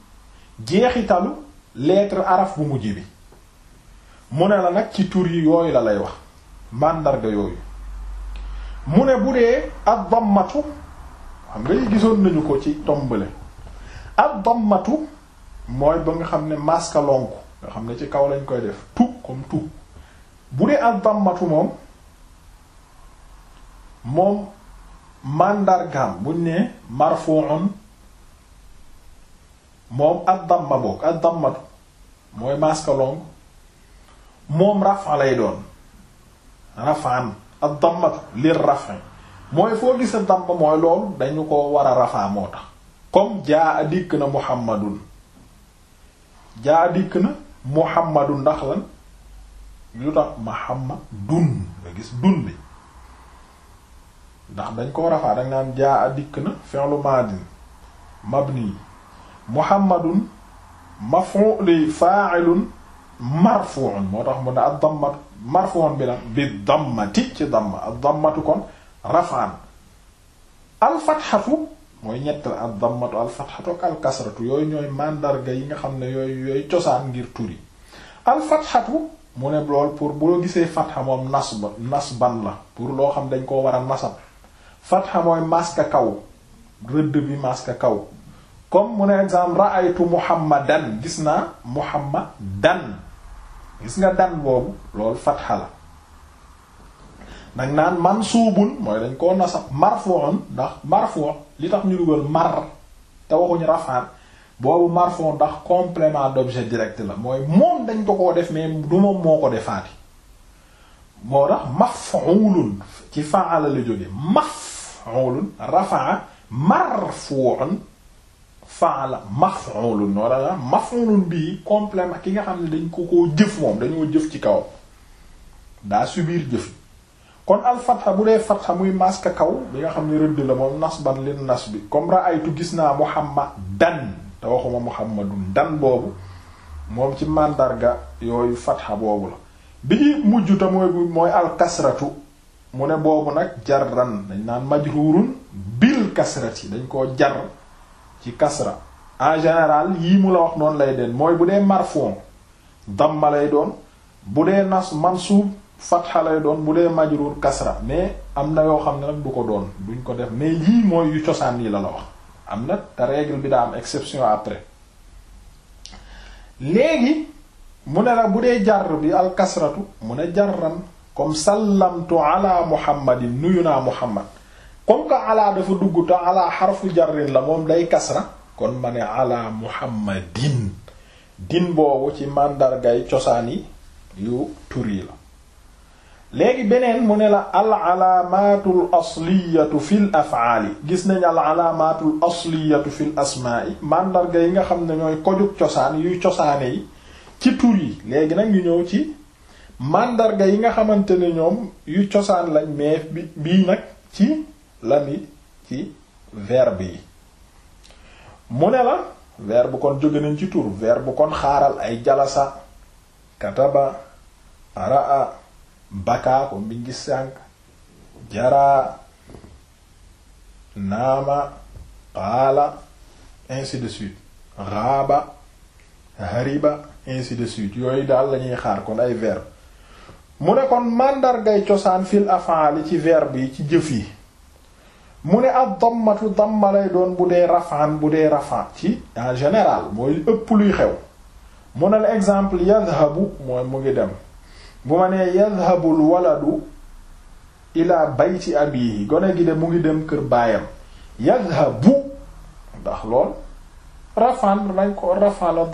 jeexitalu lettre araf bu mujj bi mu ne la nag ci tur yi yooyu la lay wax màndarga yooyu mu ne bu dee ad-dammatu xam nga gisoon nañu ko ci tombale ad-dammatu mooy ba nga xam ne maska lonku nga xam ne ci kaw lañ koy def tout comme tout bu dee ad-dammatu moom mandargaam buñ ne marfu'un moom ad-damma bokk ad mooy maska lonku moom rafa lay doon rafaan ak dammatu li rafin mooy foo gisa damm mooy loolu dañu ko war rafaa moo tax comme jaa a dikk na muhammadun jaa a ndax lan lu tax muhammadun nga gis dun bi ndax dañ ko rafaa dañ naan jaa a dikk na fi'lu madin mabni muhammadun maf'ul fa'ilun marfu'un moo tax mu ne ad-dammatu marfoon bi nag bi dammati ci damma ak dammatu kon rafaan alfatxatu mooy ñett la ak alfatxatu ak alkasratu yooyu ñooy mandarga yi nga xam ne yooyu yooyu cosaan ngir turi alfatxatu mu ne lool pour bu gisee fatxa moom nasba nasban la pour loo xam dañ koo wara a nasab fatxa mooy maska kaw rëdd bi maska kaw comme mu ne exemple ra'aytu muhammadan gis naa mu muhammadan gis nga dan boobu loolu fatxa la nag naan mansuubun mooy dañ koo nasab marfuun ndax marfuu li tax ñu dugal mar te waxuñu rafaan boobu marfuu ndax complément d'objet direct la mooy moom dañ ko koo def mais du moom moo ko defaati moo tax maf'ulun ci fa'ala la jóge maf'ulun rafaa marfuun faala maf'ulun wala maf'ulun bii complément ki nga xam ne dañ ko koo jëf moom dañoo jëf ci kaw daa subir jëf kon al fatha bu dee fatha muy maska kaw bi nga xam ne rëdd la moom nasban lin nas bi comme ra'aytu gis naa muhammadan te waxuma muhammadun dan boobu moom ci màndarga yooyu fatha boobu la bi ñuy mujj te mooy mooy al kasratu mu ne boobu nag jarran dañ naan majrurun bil yi dañ koo jar ci kasra en général yii mu la wax noonu lay den mooy bu dee marfon damma lay doon bu dee nas mansuub fatxa lay doon bu dee majrur kasra mais am na yoo xam ne nag du ko doon duñ ko def mais yii mooy yu cosaan yi la la wax am na te règle bi daa am exception après léegi mu ne la bu dee jar bi al kasratu mu ne jarran comme sallamtu ala muhammadin nuyu naa muhammad comme que alaa dafa dugg te alaa xarfu jarrin la moom day kasra kon ma ne alaa muhammadin din boobu ci màndargay cosaan yi yu tur mu ne la al alaamatul asliyatu fil gis nañ al alaamatul asliyatu fil asmaa yi màndarga yi nga xam ne ñooy kojug cosaan yuy cosaane ci tur yi léegi ñëw ci màndarga yi nga xamante ne ñoom yu cosaan lañ mais bi bii nag ci lan ci verbe yi mu ne la verbe kon jóge nañ ci tur verbe kon xaaral ay jalasa kataba araa bakaa ko mbi ngi sànk jaraa naama qaala ainsi de suite raaba hariba ainsi de suite yooyu daal lañuy xaar kon ay verbe mu ne kon màndargay cosaan fil afaali ci verbe yi ci jëf yi mu ne ab dammatu damma lay doon bu dee rafaan bu dee rafaan ci en général mooy ëpp luy xew mu ne la exemple yadhabu mooy mu ngi dem bu ma nee yadhabul waladu ila bayti abihi gone gi de dem kër baayam yadhabu ndax lool rafaan nañ ko rafaan la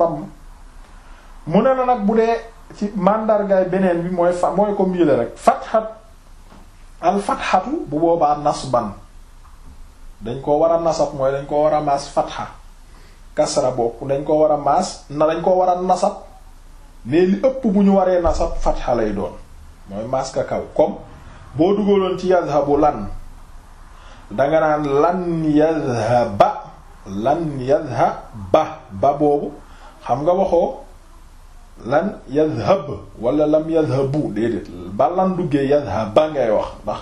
ne la nag bu dee ci màndargaay beneen bi mooy fa mooy comme yële rek fatxat al fatxatu bu boobaa nasban dañ koo war a nasab mooy dañ koo war a maas fatxa kasra bokk dañ koo war a maas na dañ koo war a nasab mais li ëpp bu ñu waree nasab fatxa lay doon mooy maas ka kaw comme boo dugaloon ci yazhabu lan danga naan lan yazhaba lan yazhaba ba boobu xam nga waxoo lan yazhab walla lam yazhabu déedéet ba lan duggee yazhaba ngay wax ndax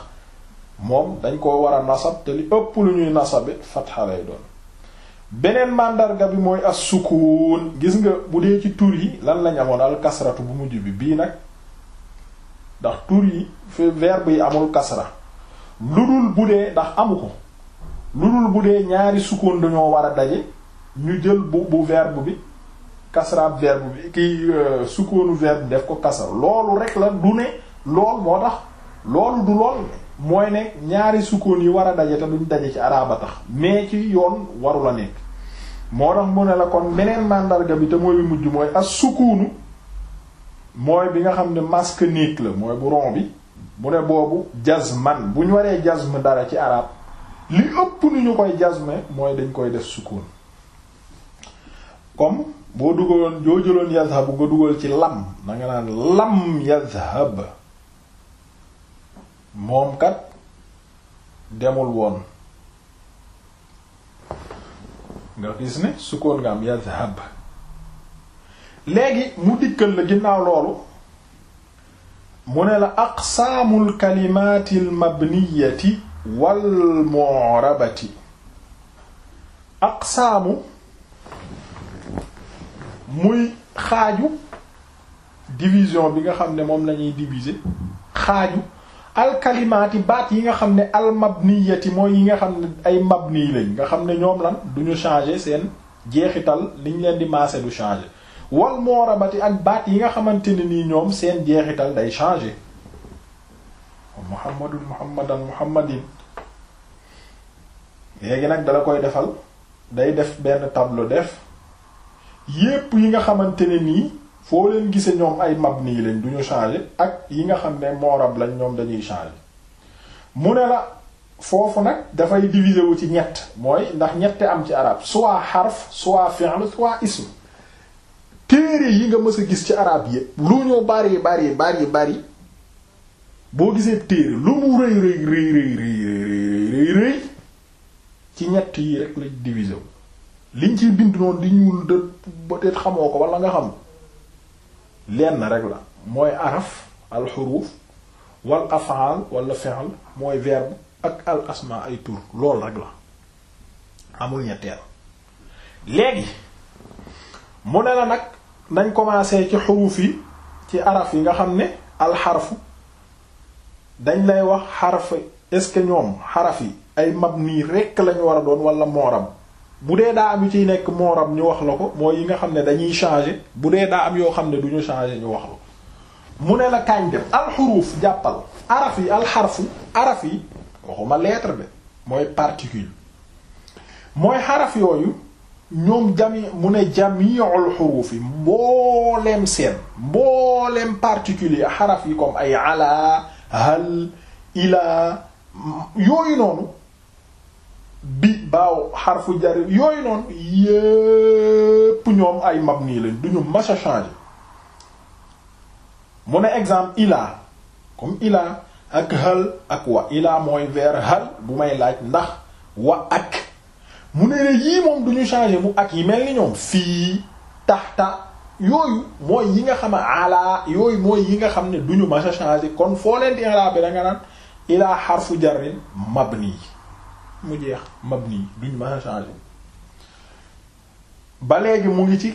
moom dañ koo war a nasab te li ëpp lu ñuy nasabe fatxa lay doon beneen màndarga bi mooy as sukuun gis nga bu dee ci tur yi lan lañ amoon al kasratu bu mujj bi bii nag ndax tur yi fi verbe yi amul kasra lu dul bu dee ndax amu ko lu dul bu dee ñaari sukuun dañoo war a daje ñu jël bu bu verbe bi kasra verbe bi kiy euh, sukuunu verbe def ko kasra loolu rek la du ne lool moo tax loolu du lool mooy ne ñaari sukkoon yi war a daje te duñ daje ci araaba tax mais ci yoon waru la nekk moo tax mu ne la kon beneen màndarga bi te mooy bi mujj mooy as sukkuunu mooy bi nga xam ne masque néeg la mooy bu ron bi mu ne boobu jazman buñ ñu waree jazm dara ci arab li ëpp nu ñu koy jazme mooy dañ koy def sukkoon comme boo dugaloon boo jëloon yazhabu nga dugal ci lam na nga naan lam yazhab moom kat demul woon nga gis ne sukkoon nga am yazhab léegi mu dikkal la ginnaaw loolu mu ne la aqsaamul kalimaatil mabniyati wal mu'rabati aqsaamu muy xaaju division bi nga xam ne moom lañuy diviser xaaju alkalimaati baat yi nga xam ne almabniyati mooy yi nga xam ne ay mabni lañ nga xam ne ñoom lan du ñu changer seen jeexital liñ leen di maase du changer wal moorabati ak baat yi nga xamante ne nii ñoom seen jeexital day changer muhammadun muhammadan muhammadin léegi nag dala koy defal day def benn tableau def yépp yi nga xamante ne nii foo leen gise ñoom ay mabni yi lañ du changer ak yi nga xam ne moorab lañ ñoom dañuy changer mu ne la foofu nag dafay diviser ci ñett mooy ndax ñette am ci arab soit xarf soit fi'l soit ism téere yi nga mës a gis ci araab yépp lu ñu bari bari bari bari boo gisee téere lu mu rëy rëy rëy rëy rëy rëy rëy ci ñett yi rek lañ diviser liñ ciy bind noonu di ñuul de peut xamoo ko wala nga xam lenn rek la mooy araf al xuruuf wal afaal wala fi'l mooy verbe ak al asma ay tur loolu rek la amul ñetteel léegi mu ne la nag nañ commencé ci xuruuf yi ci araf yi nga xam ne alxarfu dañ lay wax xarf est-ce ñoom xaraf yi ay mabni rekk lañu war doon wala mooram bu dee daa am yu ciy nekk mooram ñu wax la ko mooy yi nga xam ne dañuy changer bu dee daa am yoo xam ne du ñu changer ñu wax la ko mu ne la kañ dem alxuruuf jàppal araf yi alxarfu araf yi waxuma lettre bi mooy particule mooy xaraf yooyu ñoom jami mu ne jamiul xuruuf yi mbooleem seen mbooleem particule yi xaraf yi comme ay ala hal ila yooyu noonu bi baaw xarfu jar yooyu noonu yépp ñoom ay mabni lañ duñu mas changer mu ne exemple ilaa comme ilaa ak hal ak wa ilaa mooy vers hal bu may laaj ndax wa ak mu ne ne yii moom duñu changer mu ak yi mel ni ñoom fii taxta yooyu mooy yi nga xam ne alaa yooyu mooy yi nga xam ne duñu mas a changer kon foo leen di i'rab bi da nga naan ilaa xarfu jarin mabni mu jeex mabni duñ mën a changer ba léegi mu ngi ci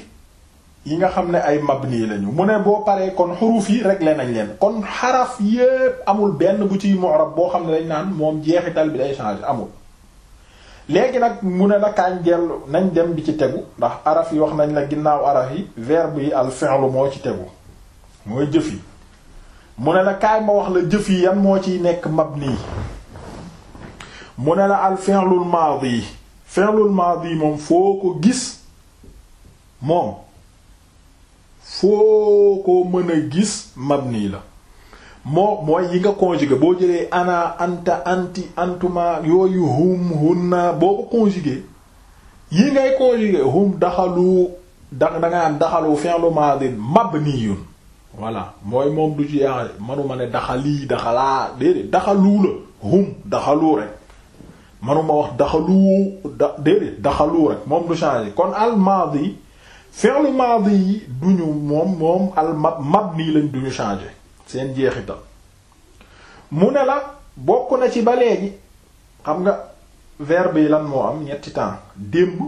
yi nga xam ne ay mabni lañu mu ne boo paree kon xuruf yi réglé nañ leen kon xaraf yépp amul benn bu ciy mu'rab boo xam ne dañ naan moom jeexital bi ay changer amul léegi nag mu ne la kaañ dellu nañ dem bi ci tegu ndax araf yi wax nañ la ginnaaw araf yi verbe yi al fi'lu moo ci tegu mooy jëf yi mu ne la kaay ma wax la jëf yi yan moo ciy nekk mab mabni mu ne la al fi'lul maadi fi'lul maadi moom foo ko gis moom foo ko mën a gis nii la moo mooy yi nga conjugué boo jëlee ana anta anti antuma yooyu hum hunna boo ko conjugué yi ngay conjugué hum daxalu da danga am daxalu fi'lu maadin mabniyun voilà mooy moom du ci manuma ne daxalii daxalaa déedéet daxalu la hum daxalu rek manuma wax daxalu da déedéet daxalu rek moom du changer kon al maadi fi'l maadi yi duñu moom moom al mab mabni lañ duñu changer seen jeexital mu ne la bokk na ci ba léegi xam nga verbe yi lan moo am ñetti temps démb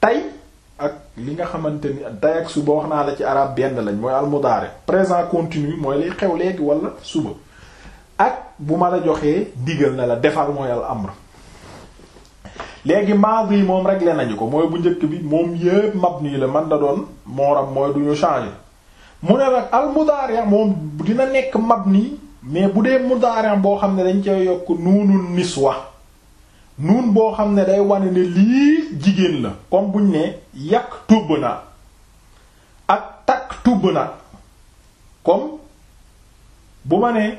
tey ak li nga xamante ni tey ak suba wax naa la ci arab benn lañ mooy almudaare présent continu mooy liy xew léegi walla suba ak bu ma la joxee digal na la defal mooy al amr léegi maadi yi moom réglé nañu ko mooy bu njëkk bi moom yépp mabni la man da doon mooram mooy du ñu changer mu ne nag al mudaari moom dina nekk mabni mais bu dee mudaari boo xam ne dañ cee yokk nuunul niswa nuun boo xam ne day wane ne lii jigéen la comme buñ ne yàq tubb na ak takk tubb na comme bu ma ne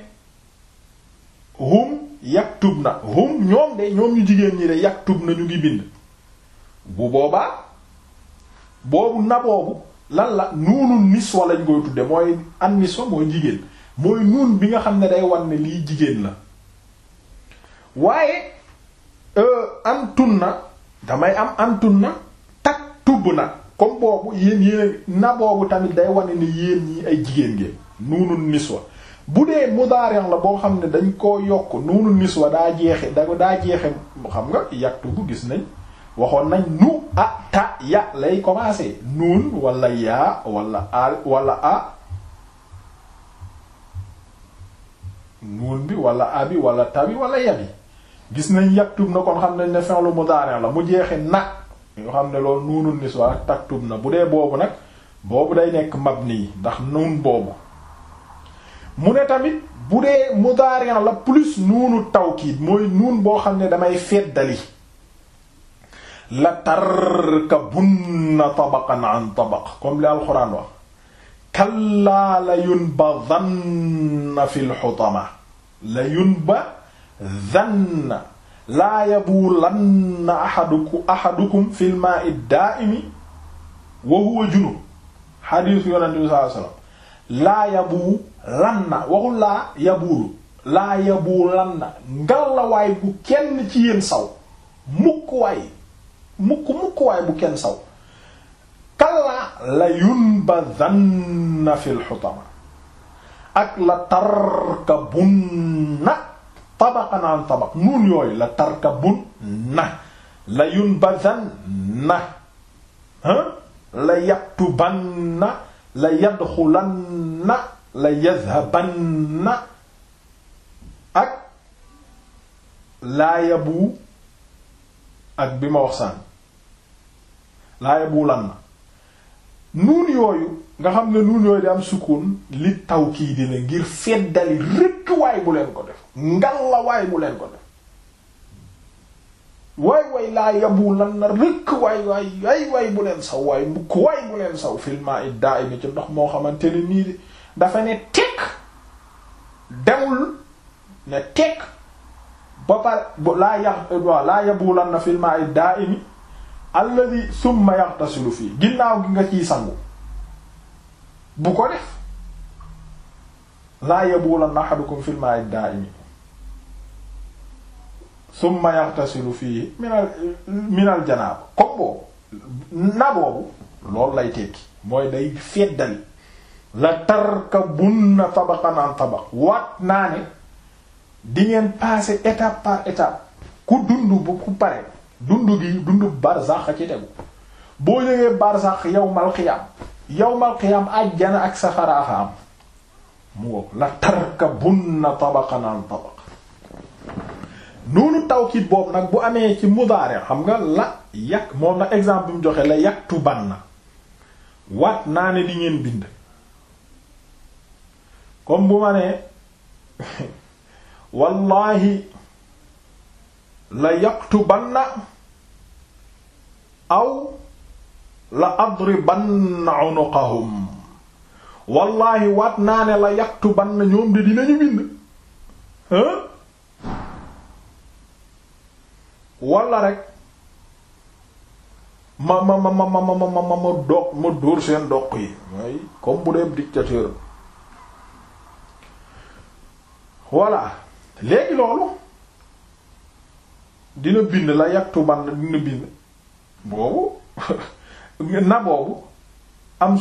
hum yaktub na hum ñoom de ñoom ñu jigéen ñi de tub na ñu ngi bind bu boobaa boobu na boobu lan la nuunu niswa lañ koy tudde mooy an niswa mooy jigéen mooy nuun bi nga xam ne day wan ne lii jigéen la waaye euh, antun na damay am antun na taktub na comme boobu yéen yéen na boobu tamit day wan ne yéen ñi ay jigéen ngeen nuunu niswa bu dee mudaari' la boo xam ne dañ koo yokk nuunu niswa daa jeexe da daa jeexe xam nga bu gis nañ waxoon nañ nu a ta ya lay commencer nuun wala yaa wala al walla a nuun bi wala a bi wala ta bi wala ya bi gis nañ yaktub na kon xam nañ ne fi'lu mudaari' la mu jeexe na ñu xam ne loolu nuunu niswa taktub na bu dee boobu nag boobu day nekk mabni ndax nuun boobu mu ne tamit bu dee mudaari'an la plus nuunu tawkiid mooy nuun boo xam ne damay feddali la tarkabunna tabaqan an tabaq comme li alxuraan wax kallaa la yunbadanna fil xutama la yunbadanna laa yabulanna ahadukum ahadukum fil maa'i daa'imi wa huwa junub xadiisu yonent bi sallallahu alayhi wasallam laa yabu lan na waxul laa yabuulu laa yabuul lan na ngal la waay bu kenn ci yéen saw mukk waay mukk mukk waay bu kenn saw kallaa la yunbadanna fil xutama ak la tarkabunna tabaqan an tabaq nuun yooyu la tarkabunna la yunbadanna la yaktubanna la yadxulanna la yadhabanna ak laa ak bi ma wax sànn laa yabu lan na nuun yooyu nga xam ne nuun yooyu di am sukun li tawkiidi la ngir feddali rëkk waay bu leen ko def ngal la waay bu leen ko def waay waay laa yabu lan na rëkk waay waay waay bu leen saw waay mbukk waay bu leen saw filma it daa imi ci ndox moo xamante ni nii dafa ne tekk demul ne tekk ba pare laa yax laa yabulan na filma ay daa imi alladi summa yaxtasilu fii ginnaaw gi nga ciy sangu bu ko def laa yabulan na ahadukum filma ay daa imi summa yaxtasilu fii minal minal janaaba comme boobu na boobu loolu lay tekki mooy day feddali la tarkabunna tabaqan an tabaq waat naa ne di ngeen passer étape par étape ku dund bu ku pare dund gi dund barzax ci tegu boo jógee barzax yawmal qiyaam yawmal qiyaam ajjana ak safara am mu wow la tarkabunna tabaqan an tabaq noonu tawkiit boobu nag bu amee ci mudaare xam nga la yàq moom nag exemple bi joxe la yàqtu ban na waat naa ne di ngeen bind comme bu ma nee wallaahi la yaktubanna aw la adribanna unuqahum wallaahi waat naa ne la yaktubanna ñoom de dinañu bind hein walla rek ma ma ma ma ma ma ma ma ma ma dóor seen doq yi comme bu dee dictateur voilà léegi loolu dina bind la yàktu ban dina bind boobu na boobu am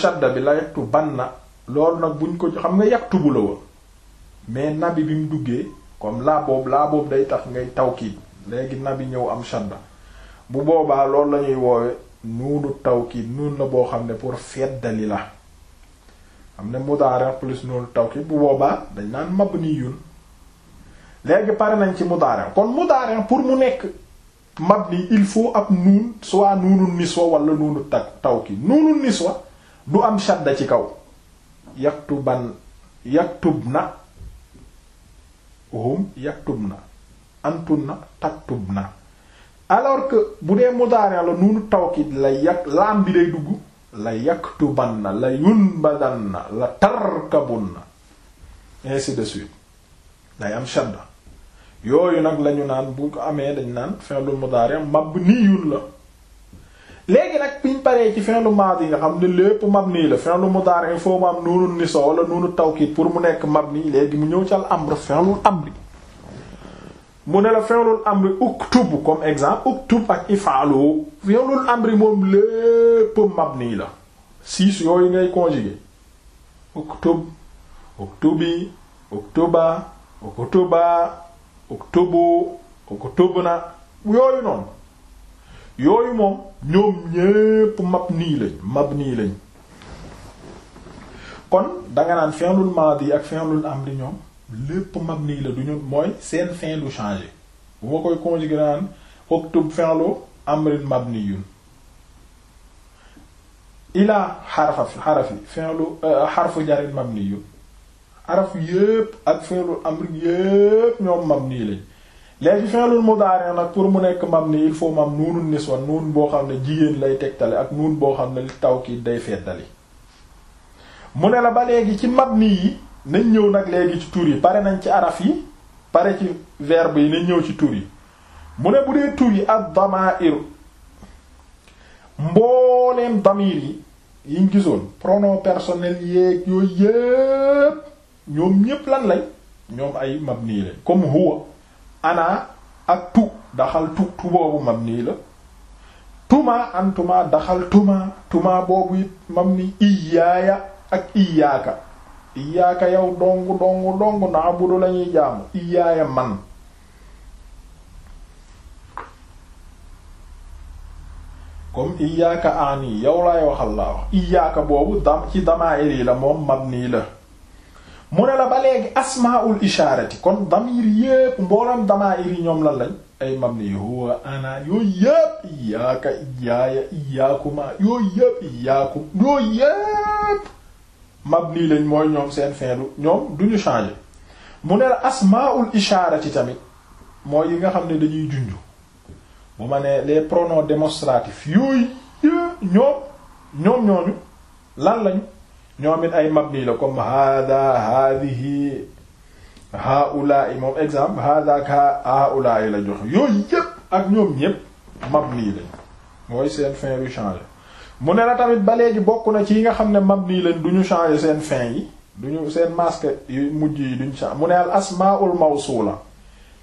shadda bi la yàktu ban na loolu nag buñ ko xam nga yàktu bu la woon mais nabi bi mu duggee comme laa boobu laa boobu day tax ngay tawkiid léegi nabi ñëw am shadda bu boobaa loolu lañuy woowe nuunu tawkiid nuun la boo xam ne pour feddali la am na mudaare plus noonu tawkid bu boobaa dañ naan mabniyun léegi pare nañ ci mudaare kon mudaare pour mu nekk mabni il faut ab nuun soit nuunu niswa wala nuunu tawkid nuunu niswa du am shadda ci kaw yaktuban yaktubna hum yaktubna antunna taktubna alors que bu dee mudaare la nuunu tawkid la yak laam bi day dugg la yàkktu yaktubanna la na la tarkabunna ainsi de suite day am shadda yooyu nag lañu naan bu amee dañ naan fi'lu mudari mabniyun la léegi nag biñ paree ci fi'lu yi nga xam ne lépp mabni la fi'lu mudari foo mu am nuunu niso wala nuunu tawkid pour mu nekk mabni léegi mu ñëw ci al amr fi'lu amri mu ne la fi'lul amri uktub comme exemple uktub ak ifaalu fi'lul amri moom lépp mabni la siis yooyu ngay conjuguer uktub uktubi uktuba uktuba uktubu uktubna yooyu noonu yooyu moom ñoom ñépp mabni lañ mabni lañ kon danga naan fi'lul maadi ak fi'lul amri ñoom lépp mabni la du ñu mooy seen fin du changer bu ma koy conjuguer naan uktub fi'lu amrin mabniyun ilaa xaraf xarafi fi'lu euh, xarfu jarin mabniyun araf yépp ak fi'lu amr yépp ñoom mabni lañ léegi fi'lul mudaari nag pour mu nekk mabni nii foo mu am nuunu niswa nuun boo xam ne jigéen lay tegtale ak nuun boo xam ne li tawkiid day feddali mu ne la ba léegi ci mabni yi nañ ñëw nag léegi ci tur yi pare nañ ci araf yi pare ci verbe yi nañ ñëw ci tur yi mu ne bu dee tur yi ak dama'ir mbooleem damir yi yiñ gisoon pronom personnel yeeg yooyu yépp ñoom ñépp lan lay ñoom ay mabni lañ comme huwa ana ak tu daxal tu tu boobu mabni la tuma antuma daxal tuma tuma boobu ni mabni iyaaya ak iyaaka iyaaka yow dong dong dong na'budu lañuy jaamu iyaaya man comme iyaaka ani yow laay waxal iyaaka boobu dam yi la moom mabni la mu ne la ba léegi asmaa'ul ishaarati kon damiir yépp mboolam damaa'ir yi ñoom lan lañ ay mabni huwa ana yooyu yépp iyaaka iyaaya iyaakuma yooyu yépp iyaakum yooyu yépp lii lañ mooy ñoom seen fin du ñoom duñu changer mu ne la asmaul ishaara ci tamit mooy yi nga xam ne dañuy junju bu ma nee les pronoms démonstratifs yooyu ñoom ñoom ñooñu lan lañu ñoom it ay mabni la comme hada hadihi haula'i moom exemple hada ka haula'i la joxe yooyu yépp ak ñoom ñépp mabni lañ mooy seen fin du changer mu ne la tamit ba léegi bokk na ci yi nga xam ne mabni leen du ñu changer seen fin yi duñu seen masque yu mujj yi duñ changer mu ne al asmaul mawsula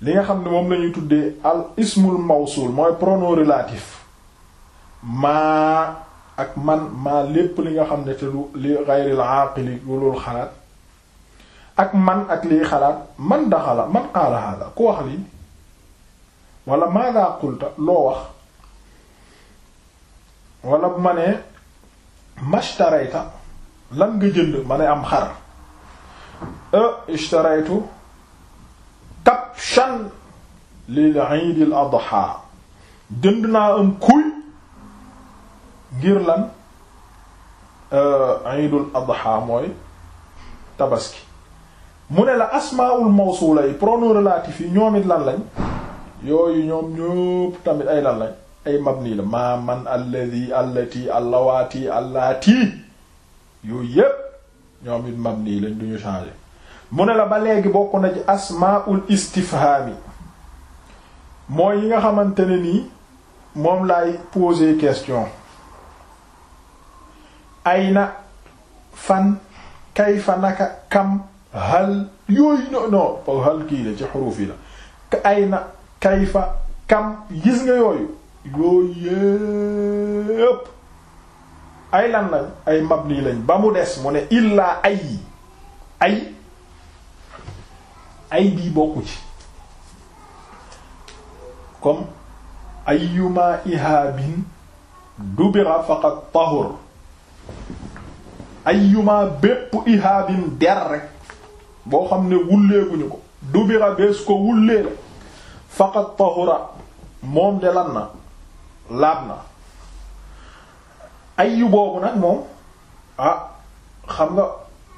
li nga xam ne moom lañuy tuddee al ismul suul mooy pronom relatif maa ak man maa lépp li nga xam ne te lu li gayril aaqili lulul xalaat ak man ak liy xalaat man daxala man qaala hada ku wax lii wala maa ngaa qulta loo wax wala bu ma nee mashtarayta lan nga jënd ma ne am xar e ishtaraytu kabshan lil eid al adha jënd naa am kuy ngir lan eidul adha mooy tabaski mu ne la asmaul mawsula yi pronoms relatifs yi ñoom lan lañ yooyu ñoom ñëpp tamit ay lan lañ ay mabni la maa man alladi allati allawaati allati yooyu yépp ñoom it mabni lañ duñu changer mu ne la ba léegi bokk na ci asmaul istifhaami mooy yi nga xamante ne nii moom laay poser ay na fan kayfa naka kam hal yooyu non non hal kii la ci xuruuf yi la ayna kayfa kam gis nga yooyu yooyu yépp ay lan la ay mabni lañ ba mu des mu ne illaa ay yi ay ay bii bokku ci comme ayyuma ihaabin dubira faqat tahur ayyuma bépp ihaabin der rek boo xam ne wulleeguñu ko dubira bees ko wullee la faqat tahura moom de lan na laab na ay yu boobu nag moom ah xam nga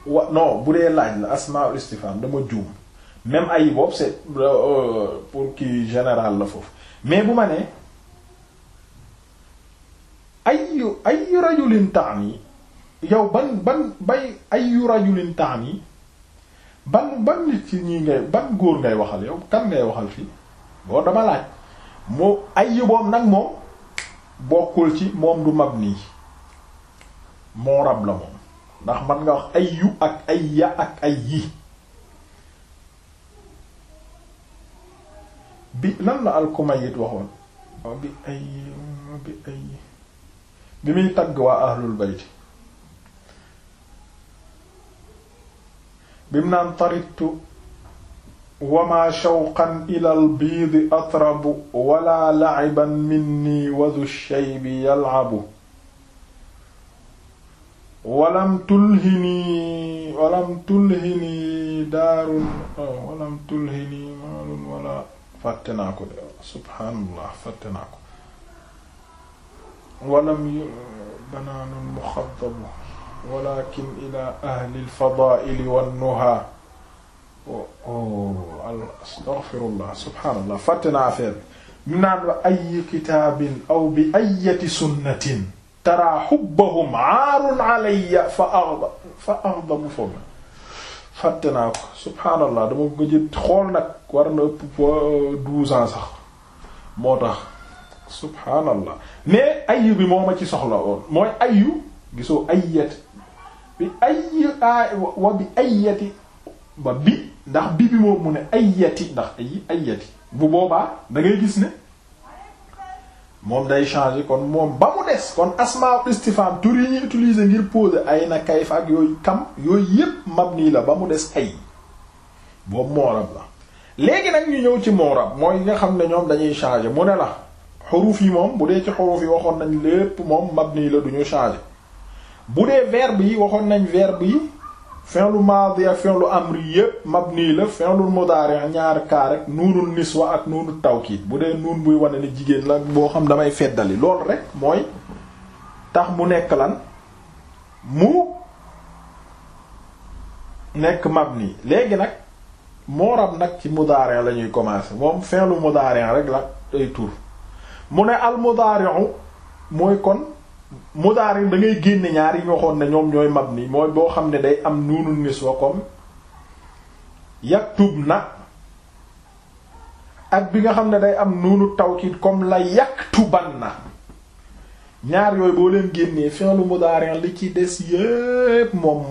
wa non bu dee laaj la asmaul istifham dama juum même ay boobu c'est euh, pour qui général la foofu mais bu ma nee ayyu ayyu rajulin taam yi yow ban ban bay ayyu rajulin taam yi ban ban nit ci ñi ngay ban góor ngay waxal yow kan ngay waxal fii boo dama laaj moo ayyu boobu nag moom bokkul ci moom du mabni moo rab la moom ndax man nga wax ay yu ak ay ya ak ay yi bi lan la alkumayit waxoon bi ay bi muy tagg waa ahlul bayt bi mu naan taritu wama shawqan ilal biidi atrabu wala laciban minni wadu shaybi yalcabu walam tulhinii walam tulhinii daarun walam tulhinii maalun wala fàtte naa ko de subhaanallah fàtte naa ko walam banaanun muxaddabu walaakin ilaa ahlil fadaa'ili wan nuhaa astaghfirullah subhaanallah fàtte naa affaire bi ñu naan wa ay kitaabin aw bi ayati sunnatin taraa xubbahum aarun alayya fa arda fa arda mu foog na fàtte naa ko subhaanallah dama ko gëj xool nag war na ëpp douze ans sax moo tax subhaanallah mais ayu bi moo ma ci soxla woon mooy ayu gisoo ayat bi ay wa bi ayati ba bi ndax bi bi moom mu ne ay yati ndax ay ay yati bu boobaa da ngay gis ne moom day changer kon moom ba mu des kon asmaa istifham tur yi ñuy utiliser ngir poser ay na kayfa yooyu kam yooyu yépp mabni la ba mu des ay boobu moorab la léegi nag ñu ñëw ci moo mooy nga xam ne ñoom dañuy changer mu ne la xuruf yi moom bu dee ci xuruf yi waxoon nañ lépp moom mabni la du ñu changer bu dee verbe yi waxoon nañ verbe yi fi'lu maadi ak fi'lu amri yépp mabni la fi'lu mudaari ñaari kaa rek nuunul niswa ak taw tawkiid bu dee nuun buy wane ne jigéen la boo xam damay feddali lool rek mooy tax mu nekk lan mu nekk mabni léegi nag moorab nag ci mudaari la ñuy commencer moom fi'lu mudaari rek la ay tur mu ne al mudaari mooy kon mudaari da ngay génne ñaar yi ñu ñoom ñooy ni mooy boo xam ne day am nuunu niswa comme na ak bi nga xam ne day am nuunu tawkiid comme la yaktubanna ñaar yooyu boo leen génnee fi'lu mudaari li ci des yépp moom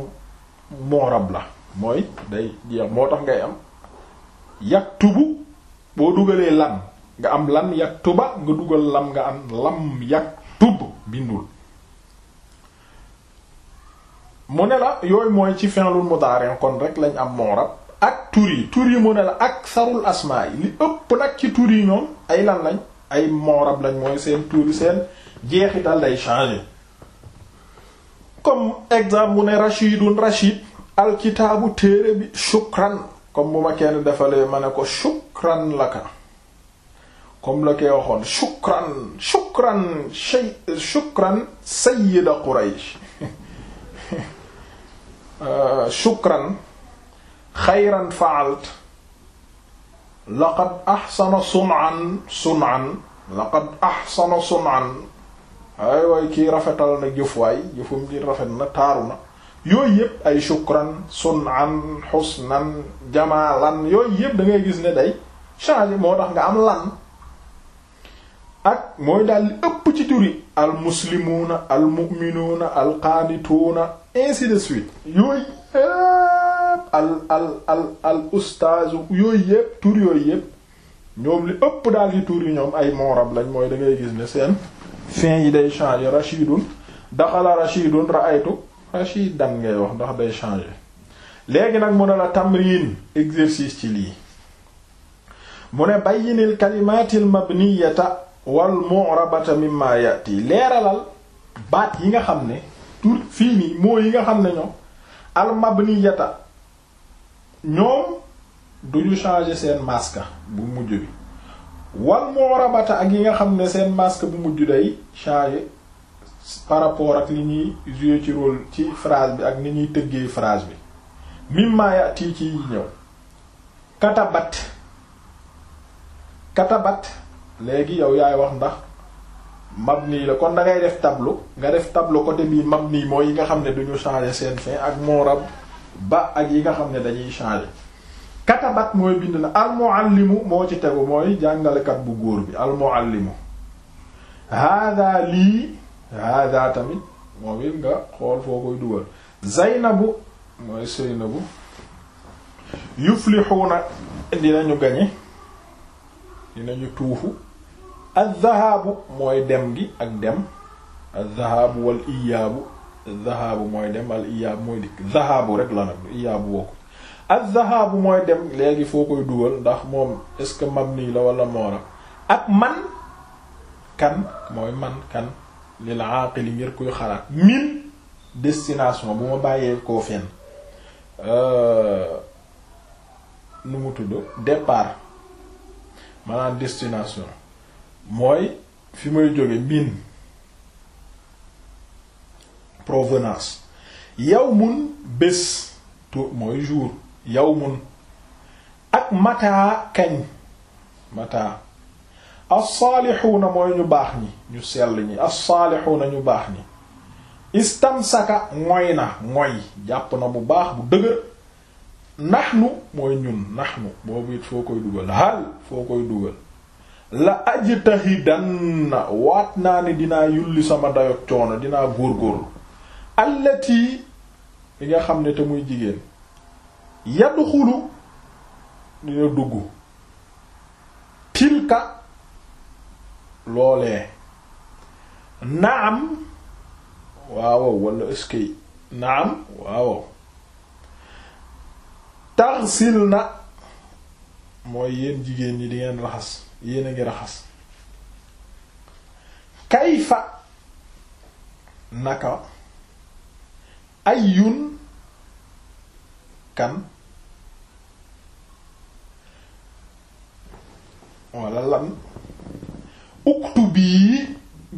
mu'rab la mooy day jeex moo tax ngay am yaktubu boo dugalee lan nga am lan yaktuba nga dugal lam nga am lam bindul mu ne la yooyu mooy ci fi'lul mudaari kon rek lañ am mu'rab ak tur yi tur yi mu ne la aksarul asmaa yi li ëpp nag ci tur yi ñoom ay lan lañ ay mu'rab lañ mooy seen tur yi seen jeexital day changer comme exemple mu ne rashidun rashid alkitaabu téere bi shukran comme bu ma kenn defalee ma ne ko shukran laka comme la koy waxoon shukran shukran shay shukran sayyida Euh, shukran xayran faalt laqad axsana sunan sunan laqad axsana sunan ay waay kii rafetal na jëf waay jëfum ji rafet na taaru na yooyu yëpp ay shukran sunan xusnan jamaalan yooyu yëpp da ngay gis ne day changer moo tax am lan ak mooy daal li ëpp ci turi al muslimuuna al mu'minuuna al qaanituuna ainsi de suite yooyu yépp al al al al ustaazu yooyu yépp tur yooyu yépp ñoom li ëpp daal yi tur ñoom ay moorab lañ mooy da ngay gis ne seen fin yi day changer rashidun daxala rashidun ra'aytu rashidan ngay wax ndax day changer léegi nag mu ne la tamrin exercice ci lii mu ne bayyinil kalimatil mabniyata wal mu'rabata mimma yati leeralal baat yi nga xam ne tur fii nii moo yi nga xam ne ñoom al mabniyata ñoom duñu changer seen masque bu mujj bi wal mu'rabata ak yi nga xam ne seen masque bu mujj day changer par rapport ak li ñuy jouer ci rôle ci phrase bi ak ni ñuy tëggee phrase bi mimma yati ci ñëw katabat katabat léegi yow yaay wax ndax mabni la kon da def tablu nga def tableau côté bii mabni mooy yi nga xam ne duñu changer seen fin ak morab ba ak yi nga xam ne dañuy changer katabat mooy bind na al moo ci tegu mooy jàngalekat bu góor bi al muallimu hada lii hada tamit moom it nga xool foo koy dugal bu mooy zaynabu yuflixuuna dinañu gañe dinañu tuufu addahaabu mooy dem gi ak dem addahaabu wal iyaabu addahaabu mooy dem al iyaabu mooy dikk dhahaabu rek la nag iyaabu wokku addahaabu mooy dem léegi foo koy dugal ndax moom est-ce que mabni la wala moora ak man kan mooy man kan lil aaqili ngir kuy xalaat min destination bu ma bàyyee koo fenn euh, nu mu tudd départ maanaam destination mooy fi may jóge min provenance yawmun bés to mooy jour yawmun ak mataa kañ mataa as na mooy ñu baax ñi ñu sell ñi as na ñu baax ñi istamsaka moy na moy jàpp na bu baax bu dëgër naxnu mooy ñun naxnu boobu it foo koy dugal hal foo koy dugal la ajtahidanna waat naa ne dinaa yulli sama dayog coono dinaa góorgóorlu allati li nga xam ne te muy jigéen yadxulu dina dugg tilka loole naam waawow wala ëskey naam waawow taxsil na mooy yéen jigéen ñi di ngeen raxas yéen a ngi raxas kayfa naka yun kan wala lan uktubi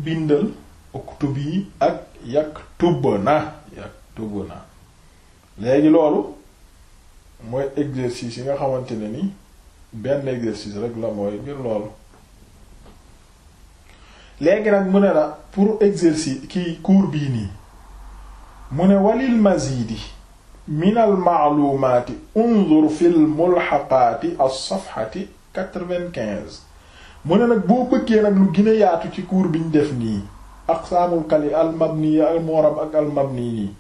bindal uktubi ak yaktubna yaktubna léegi loolu mooy exercice yi nga xamante ne ni benn exercice rek la mooy ngir loolu léegi nag mu ne la pour exercice kii cours bi nii mu ne walil mazidi min al maalumaati unzur fil mulhaqaati as safhati mu ne nag boo bëggee nag lu gën ci cours bi ñu def nii aqsaamul kali al mabniya al murab ak al mabni nii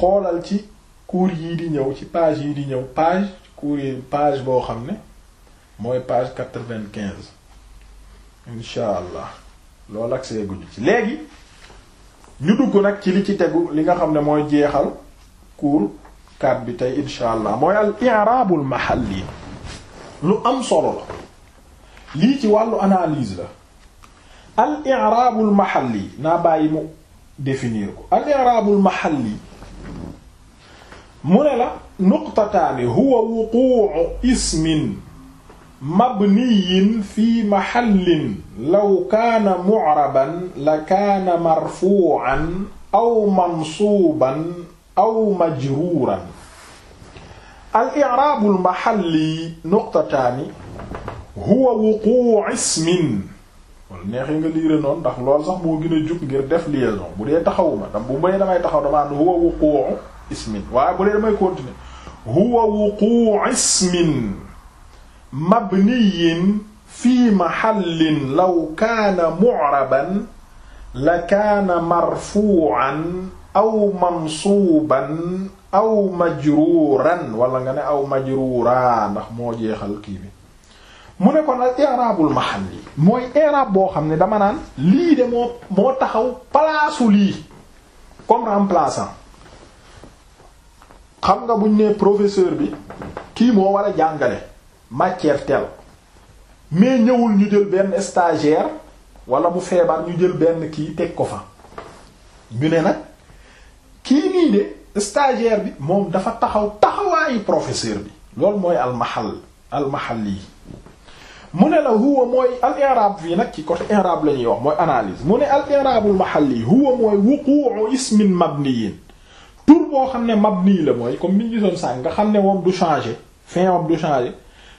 xoolal ci cours yi di ñëw ci page yi di ñëw page cours yi page boo xam ne mooy page quatre-vingt-quinze incha allah loolu ak see gudd ci léegi ñu dugg nag ci li ci tegu li nga xam ne mooy jeexal cours quatre bi tey incha allah mooy al i'rabul mahalli lu am solo la lii ci wàllu analyse la al i'rabul mahalli naa bàyyi mu définir ko al i'rabul mahalli mu ne la nuqtataani huwa wuqu'u ismin mabniyin fi mahallin law kaana mu'raban la kaana marfuu'an aw mansuuban aw majruuran al i'raabu al mahalli nuqtataani huwa wuquu' ismin wala neexee nga liire noon ndax lool sax moo gën a jub ngir def liaison bu dee taxawuma damay taxaw dama and huwa wuquu' ismin waaye bu dee damay continuer huwa wuquu' ismin mabniyin fi mahallin law kaana mu'raban la kaana marfuu'an aw mansuuban aw majruuran walla nga ne aw majruuraa ndax moo jeexal kii bi mu ne kon al i'raabul mahalli mooy i'raab boo xam ne dama naan lii de moo moo taxaw palaasu lii comme remplaçant xam nga buñ ne professeur bi kii moo war a jàngale matière telle mais ñëwul ñu jël benn stagiaire wala mu feebar ñu jël benn kii teg ko fa ñu ne nag kii nii de stagiaire bi moom dafa taxaw taxawaayu professeur bi loolu mooy almahal almahal yi mu ne la huwa mooy al i'rab fii nag ci côté i'rab la ñuy wax mooy analyse mu ne al i'rabul mahalli huwa mooy wuqu'u ismin mabniyin tur boo xam ne mabni la mooy comme ni ñu gisoon sànq nga xam ne moom du changer fin moom du changer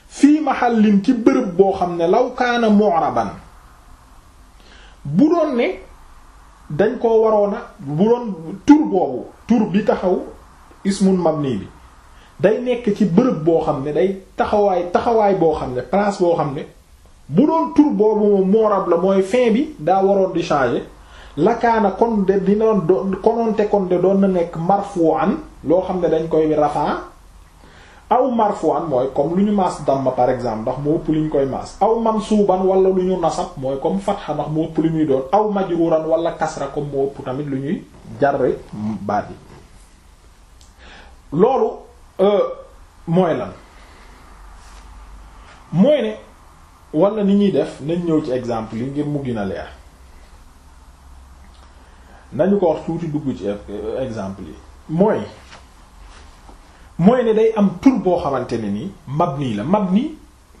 fii lim ci bërëb boo xam ne law kaana mu'raban bu doon ne dañ koo waroona bu doon tur boobu tur bi taxaw ismun mabni bi day nekk ci bërëb boo xam ne day taxawaay taxawaay boo xam ne place boo xam ne bu doon tur boobu moom mu'rab la mooy fin bi daa waroon di changer lakaana kon de dina doon konoonte kon de doon na nekk marfu'an loo xam ne dañ koy rafaa aw marfuan mooy comme lu ñu maas damma par exemple ndax moo ëpp li ñu koy maas aw mansuuban wala lu ñu nasab mooy comme fatxa ndax moo ëpp lu ñuy doon aw majruuran wala kasra comme moo ëpp tamit lu ñuy jarre baat yi loolu euh, mooy lan mooy ne wala ni ñuy def nañ ñëw ci exemple yi ngir mu gën a leer nañu ko wax tuuti dugg ci euh, exemple yi mooy mooy ne day am tur boo xamante ne nii mabni la mabni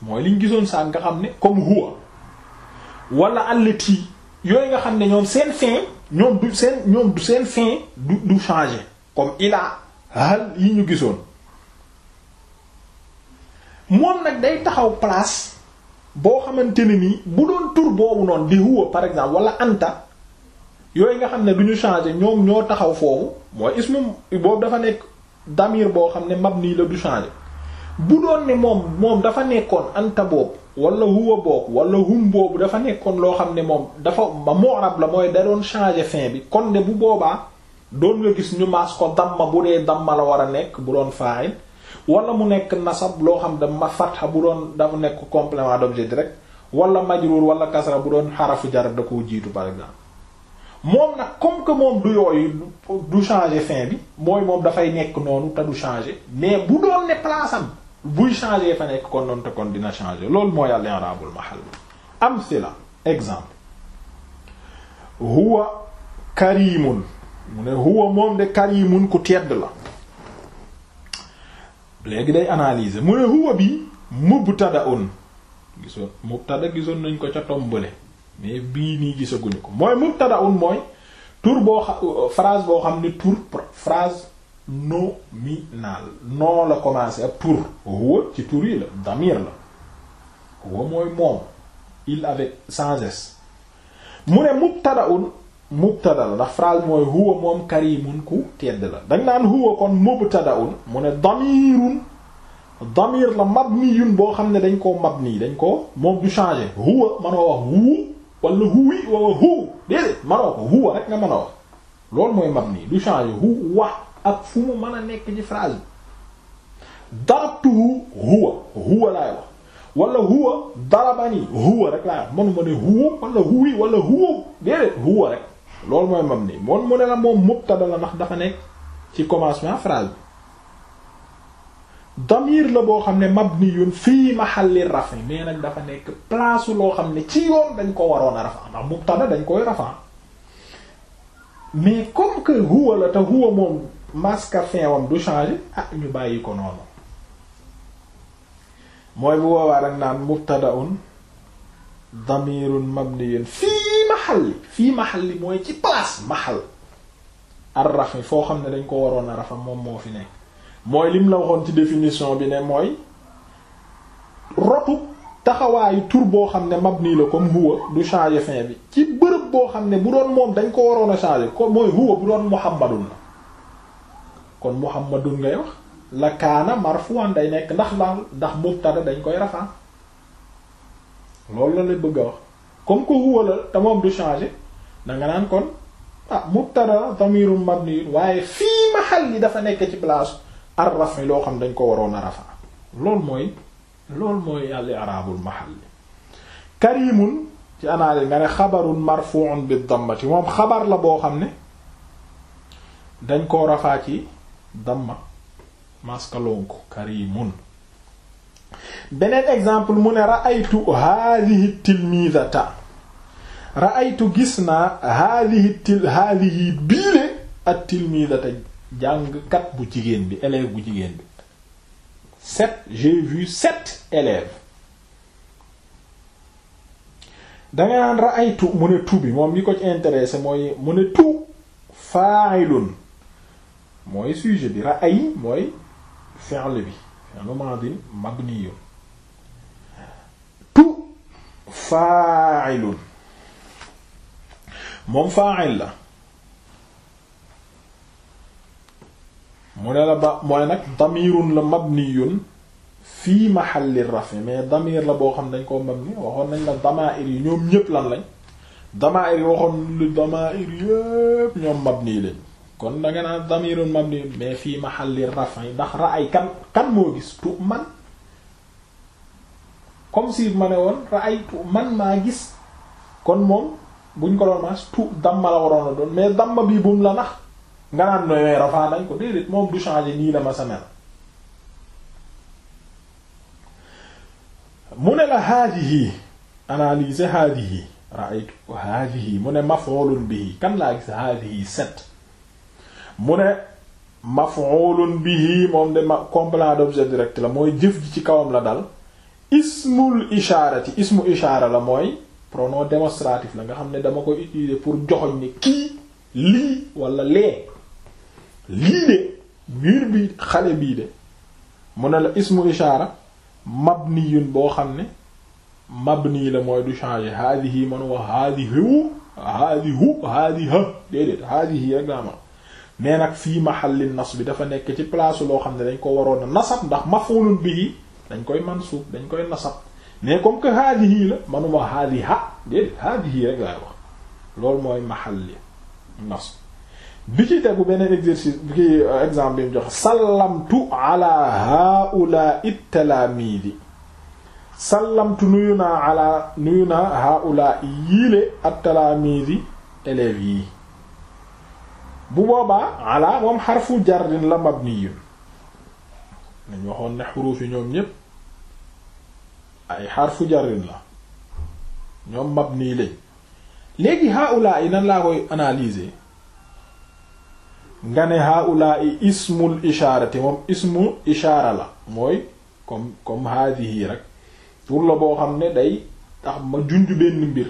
mooy liñ gisoon saa nga xam ne comme huwa wala allati yooyu nga xam ne ñoom seen fin ñoom du seen seen fin du du changer comme ila hal yi ñu gisoon moom nag day taxaw place boo xamante ne nii bu doon tur boobu noonu di huwa par exemple wala anta yooyu nga xam ne du ñu changer ñoom ñoo taxaw foofu mooy ismu boobu dafa nekk damir boo xam ne mabni la du changer bu doon ne moom moom dafa nekkoon anta boobu wala huwa boobu wala hum boobu dafa nekkoon loo xam ne moom dafa mu'rab la mooy da doon changer fin bi kon de bu boobaa doon nga gis ñu maas ko damma bu dee damma la war a nekk bu doon fa'il wala mu nekk nasab loo xam dama fatha bu doon dafa nekk complément d'objet direct wala majrur wala kasra bu doon xarafu jar da ko jiitu par exemple moom nag comme que moom du yooyu du changer fin bi mooy moom dafay nekk noonu te du changer mais bu doon ne place am buy changer fa nekk kon noonu te kon dina changer loolu mooy al-i'raabul mahall am si la exemple huwa karimun mu ne huwa moom de karimun ku tedd la léegi day analyser mu ne huwa bi mubtada'un gisoon mubtada gisoon nañ ko ca tombale mais bii nii gisaguñu ko mooy mubtada'un mooy tur boo xa euh, euh, phrase boo xam ne tur phrase nominal noo la commencé ab tur huwa ci tur yi la damir la huwa mooy moom il avec sans mu ne mubtada'un mubtada la ndax phrase mooy huwa moom karimun ku tedd la dañ naan huwa kon mubtada'un mu ne damirun damir la mabniyun boo xam ne dañ koo nii dañ ko moom du changer huwa manoo wax wu wala huwi wawa hu déedéet manoo ko huwa rek nga mën a wax loolu mooy mabni du changer huwa ak fu mu mën a nekk ci phrase bi darabtuhu huwa huwa laay wax wala huwa darabani huwa rek laay wax manuma ne huwa walla huwi wala huwa déedéet huwa rek loolu mooy mabni moom mu ne la moom mubtada la ndax dafa nekk ci commencement phrase damir la boo xam ne mabniyun fii maxalli raf mais nag dafa nekk place loo xam ne ci yoon dañ ko waroon a rafa ndax mubtada dañ koy rafa mais comme que huwa la te du changer ah ñu bàyyi ko noonu mooy bu boobaa rek naan mooy ci place mahal ar foo xam ne dañ ko waroon a rafa moom moo fi nekk mooy lim la waxoon ci définition bi ne mooy rotu taxawaayu tur boo xam ne nii la comme huwa du changer fin bi ci bërëb boo xam ne bu doon moom dañ ko waroon a changer ko mooy huwa bu doon muhammadun la kon muhammadun ngay wax la kaana marfu'an day nekk ndax lan ndax mubtada dañ koy rafaa loolu la lay bëgg a wax comme que huwa la te moom du changer danga naan kon ah mubtada damirun mabni waaye fii mahal yi dafa nekk ci place ar rafi loo xam dañ ko waroon a rafa loolu mooy loolu mooy yàlla i'raabul mahalli karimun ci anaale nga ne xabarun marfu'un bi dammati moom xabar la boo xam ne dañ koo rafaa ci damma maskalon ko beneen exemple mu ne ra'aytu haadihi tilmizata ra'aytu gis naa haadihi til haadihi biile at tilmizata jàngkat bu jigéen bi élève bu jigéen bi sept j'ai vu sept élèves danga naan ra'aytu mu ne tu bi moom li ko ci intéressé mooy mu ne tu fa'ilun mooy sujet bi ra'ay bi fi'l madin mabniyun moom fa'il la mu ne la ba mooy nag damirun la mabniyun fii mahalli rafi mais damir la boo xam ne dañ koo mabni waxoon nañ la damaa'ir yi ñoom ñépp lan lañ damaa'ir yi waxoon lu damaa'ir yépp ñoom mabni lañ kon da nga naan damirun mabniyun mais fii ma mahalli yi ndax ra ay kan kan moo gis tu man comme si ma ne woon ra ay tu man maa gis kon moom buñ ko doon maas tu ma la waroon a doon mais damma bii bu la nax nga naan nooy rafaa nañ ko déedéet moom du changer nii la ma sa mel mu ne la haadihi analyse haadihi ra'aytu haadihi mu ne maf'ulun bihi kan laa gis haadihi sept mu ne maf'ulun bihi moom de ma complément d'objet direct la mooy jëf ji ci kawam la dal ismul ishaarati ismu ishaara la mooy pronom démonstratif la nga xam ne dama koy utiliser pour joxoñ ni kii lii wala lee lii de mur bi xale bii de mu ne la ismu ishaara mabniyun boo xam ne mabni la mooy du changer haadihi man wa haadihu haadihu haadiha déedéet haadihi rek laa ma nee nag fii mahallin nas bi dafa nekk ci place loo xam ne dañ ko waroon a nasab ndax mafulun bihi dañ koy man mansuub dañ koy nasab mais comme que haadihi la manuma haadiha déedéet haadihi rek laay wax loolu mooy mahalli nas bi ci tegu beneen exercice bi ki euh, exemple bi mu jox sallamtu ala haula ittalaamidi sallamtu nuyu naa ala nuyu naa haula yiile attalaamidi élèves yi bu boobaa ala moom xarfu jardin la mabniyun nañ waxoon ne xuruuf yi ñoom ñépp ay xarfu jardin la ñoom mabni lañ léegi haula yi nan laa koy analyser nga ne haula'i ismul ishaarati moom ismu ishaara la mooy comme comme haadihi rek tur la boo xam ne day tax ma junj benn mbir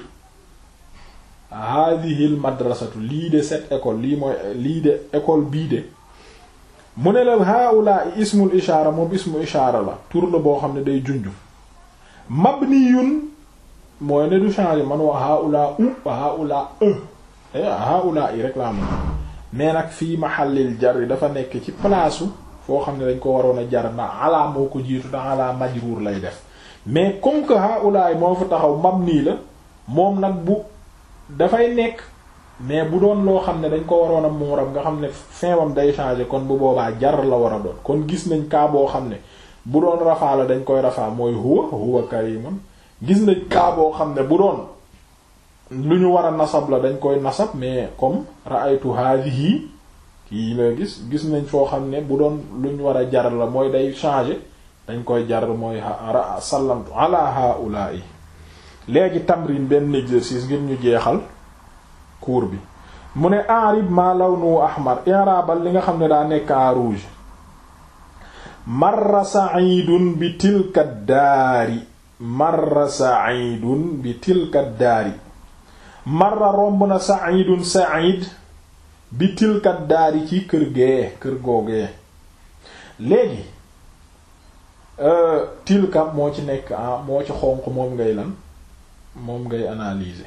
haadihil madrasatu lii de cette école lii mooy lii de école bii de mu ne la haula'i ismul ishaara moom ismu ishaara la tur la boo xam ne day junj mabniyun mooy ne du changer man wax haula u haula e haula i rek ma mais nag fii mahallil jar dafa nekk ci place foo xam ne dañ ko waroon a jar na alaa moo ko jiitu da alaa majruur lay def mais comme que haulaay moo fa taxaw nii la moom nag bu dafay nekk mais bu doon loo xam ne dañ ko waroon a muurab nga xam ne fin wam day changer kon bu boobaa jar la war a doon kon gis nañ kaa boo xam ne bu doon rafaa dañ koy rafaa mooy huwa gis nañ kaa boo xam ne bu doon lu ñu war a nasab la dañ koy nasab mais comme ra'aytu hadhihi kii la gis gis nañ foo xam ne bu doon lu ñu war a jar la mooy day changer dañ koy jar mooy ra sallamtu ala haula'i léegi tamrin benn exercice ngir ñu jeexal cours bi mu ne arib ma lawnu ahmar i'rabal li nga xam ne daa nekk en rouge marra sa'idun bi tilka daari marra sa'idun bi tilka daari marra romb na saidun said bi tilkat daari ci kër gee kër googee léegi euh, tilka moo ci nekk ah moo ci xonq moom ngay lan moom ngay analise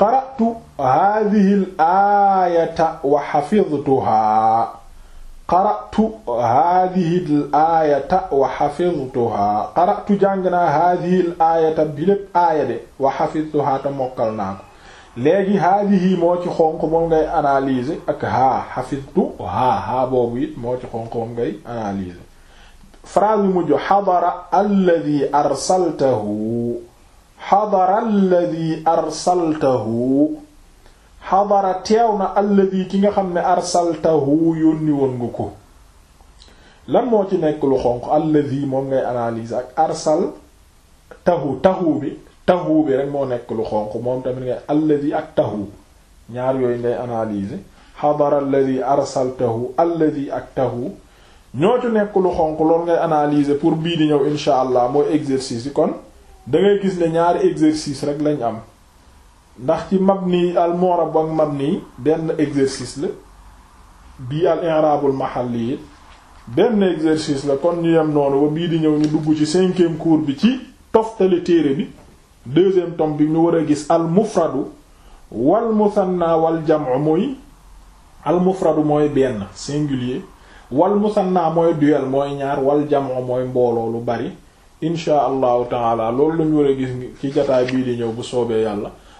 qara'tu hadhihi al ayata wa hafidhtuha qara'tu haadihil aayata wa xafidtuhaa qara'tu jàng naa haadihil aayata bi lépp aaya de wa xafidtuhaa te mokkal naa ko léegi haadihi moo ci xonq moom ngay analyser ak haa xafidtu haa haa boobu it moo ci xonq moom ngay analyser phrase bi mujj xadara alladi arsaltahu xadara alladi arsaltahu xadara teew na alladi ki nga xam ne arsaltahu yónni woon nga ko lan moo ci nekk lu xonq alladi moom ngay analyse ak arsal tahu tahu bi tahu bi rek moo nekk lu xonq moom tamit ngay alladi ak tahu ñaar yooyu ngay analyse xadara arsal arsaltahu alladi ak tahu ñoo ci nekk lu xonq lool ngay analyser pour bii di ñëw incha allah mooy exercice yi kon dangay gis ne ñaari exercice rek lañ am ndax ci mabni al mu'rab ak mabni benn exercice la bii al mahalli yi benn exercice la kon ñu yem noonu ba bii di ñëw ñu dugg ci cinquième cours bi ci toftale téere bi deuxième tome bi ñu war a gis al mufradu wal wal jam'u mooy al mooy benn singulier wal musanna mooy duel mooy ñaar wal jam'u mooy mbooloo lu bari insha allahu taala loolu lañu war a gis ci jataay bii di ñëw bu soobee yàlla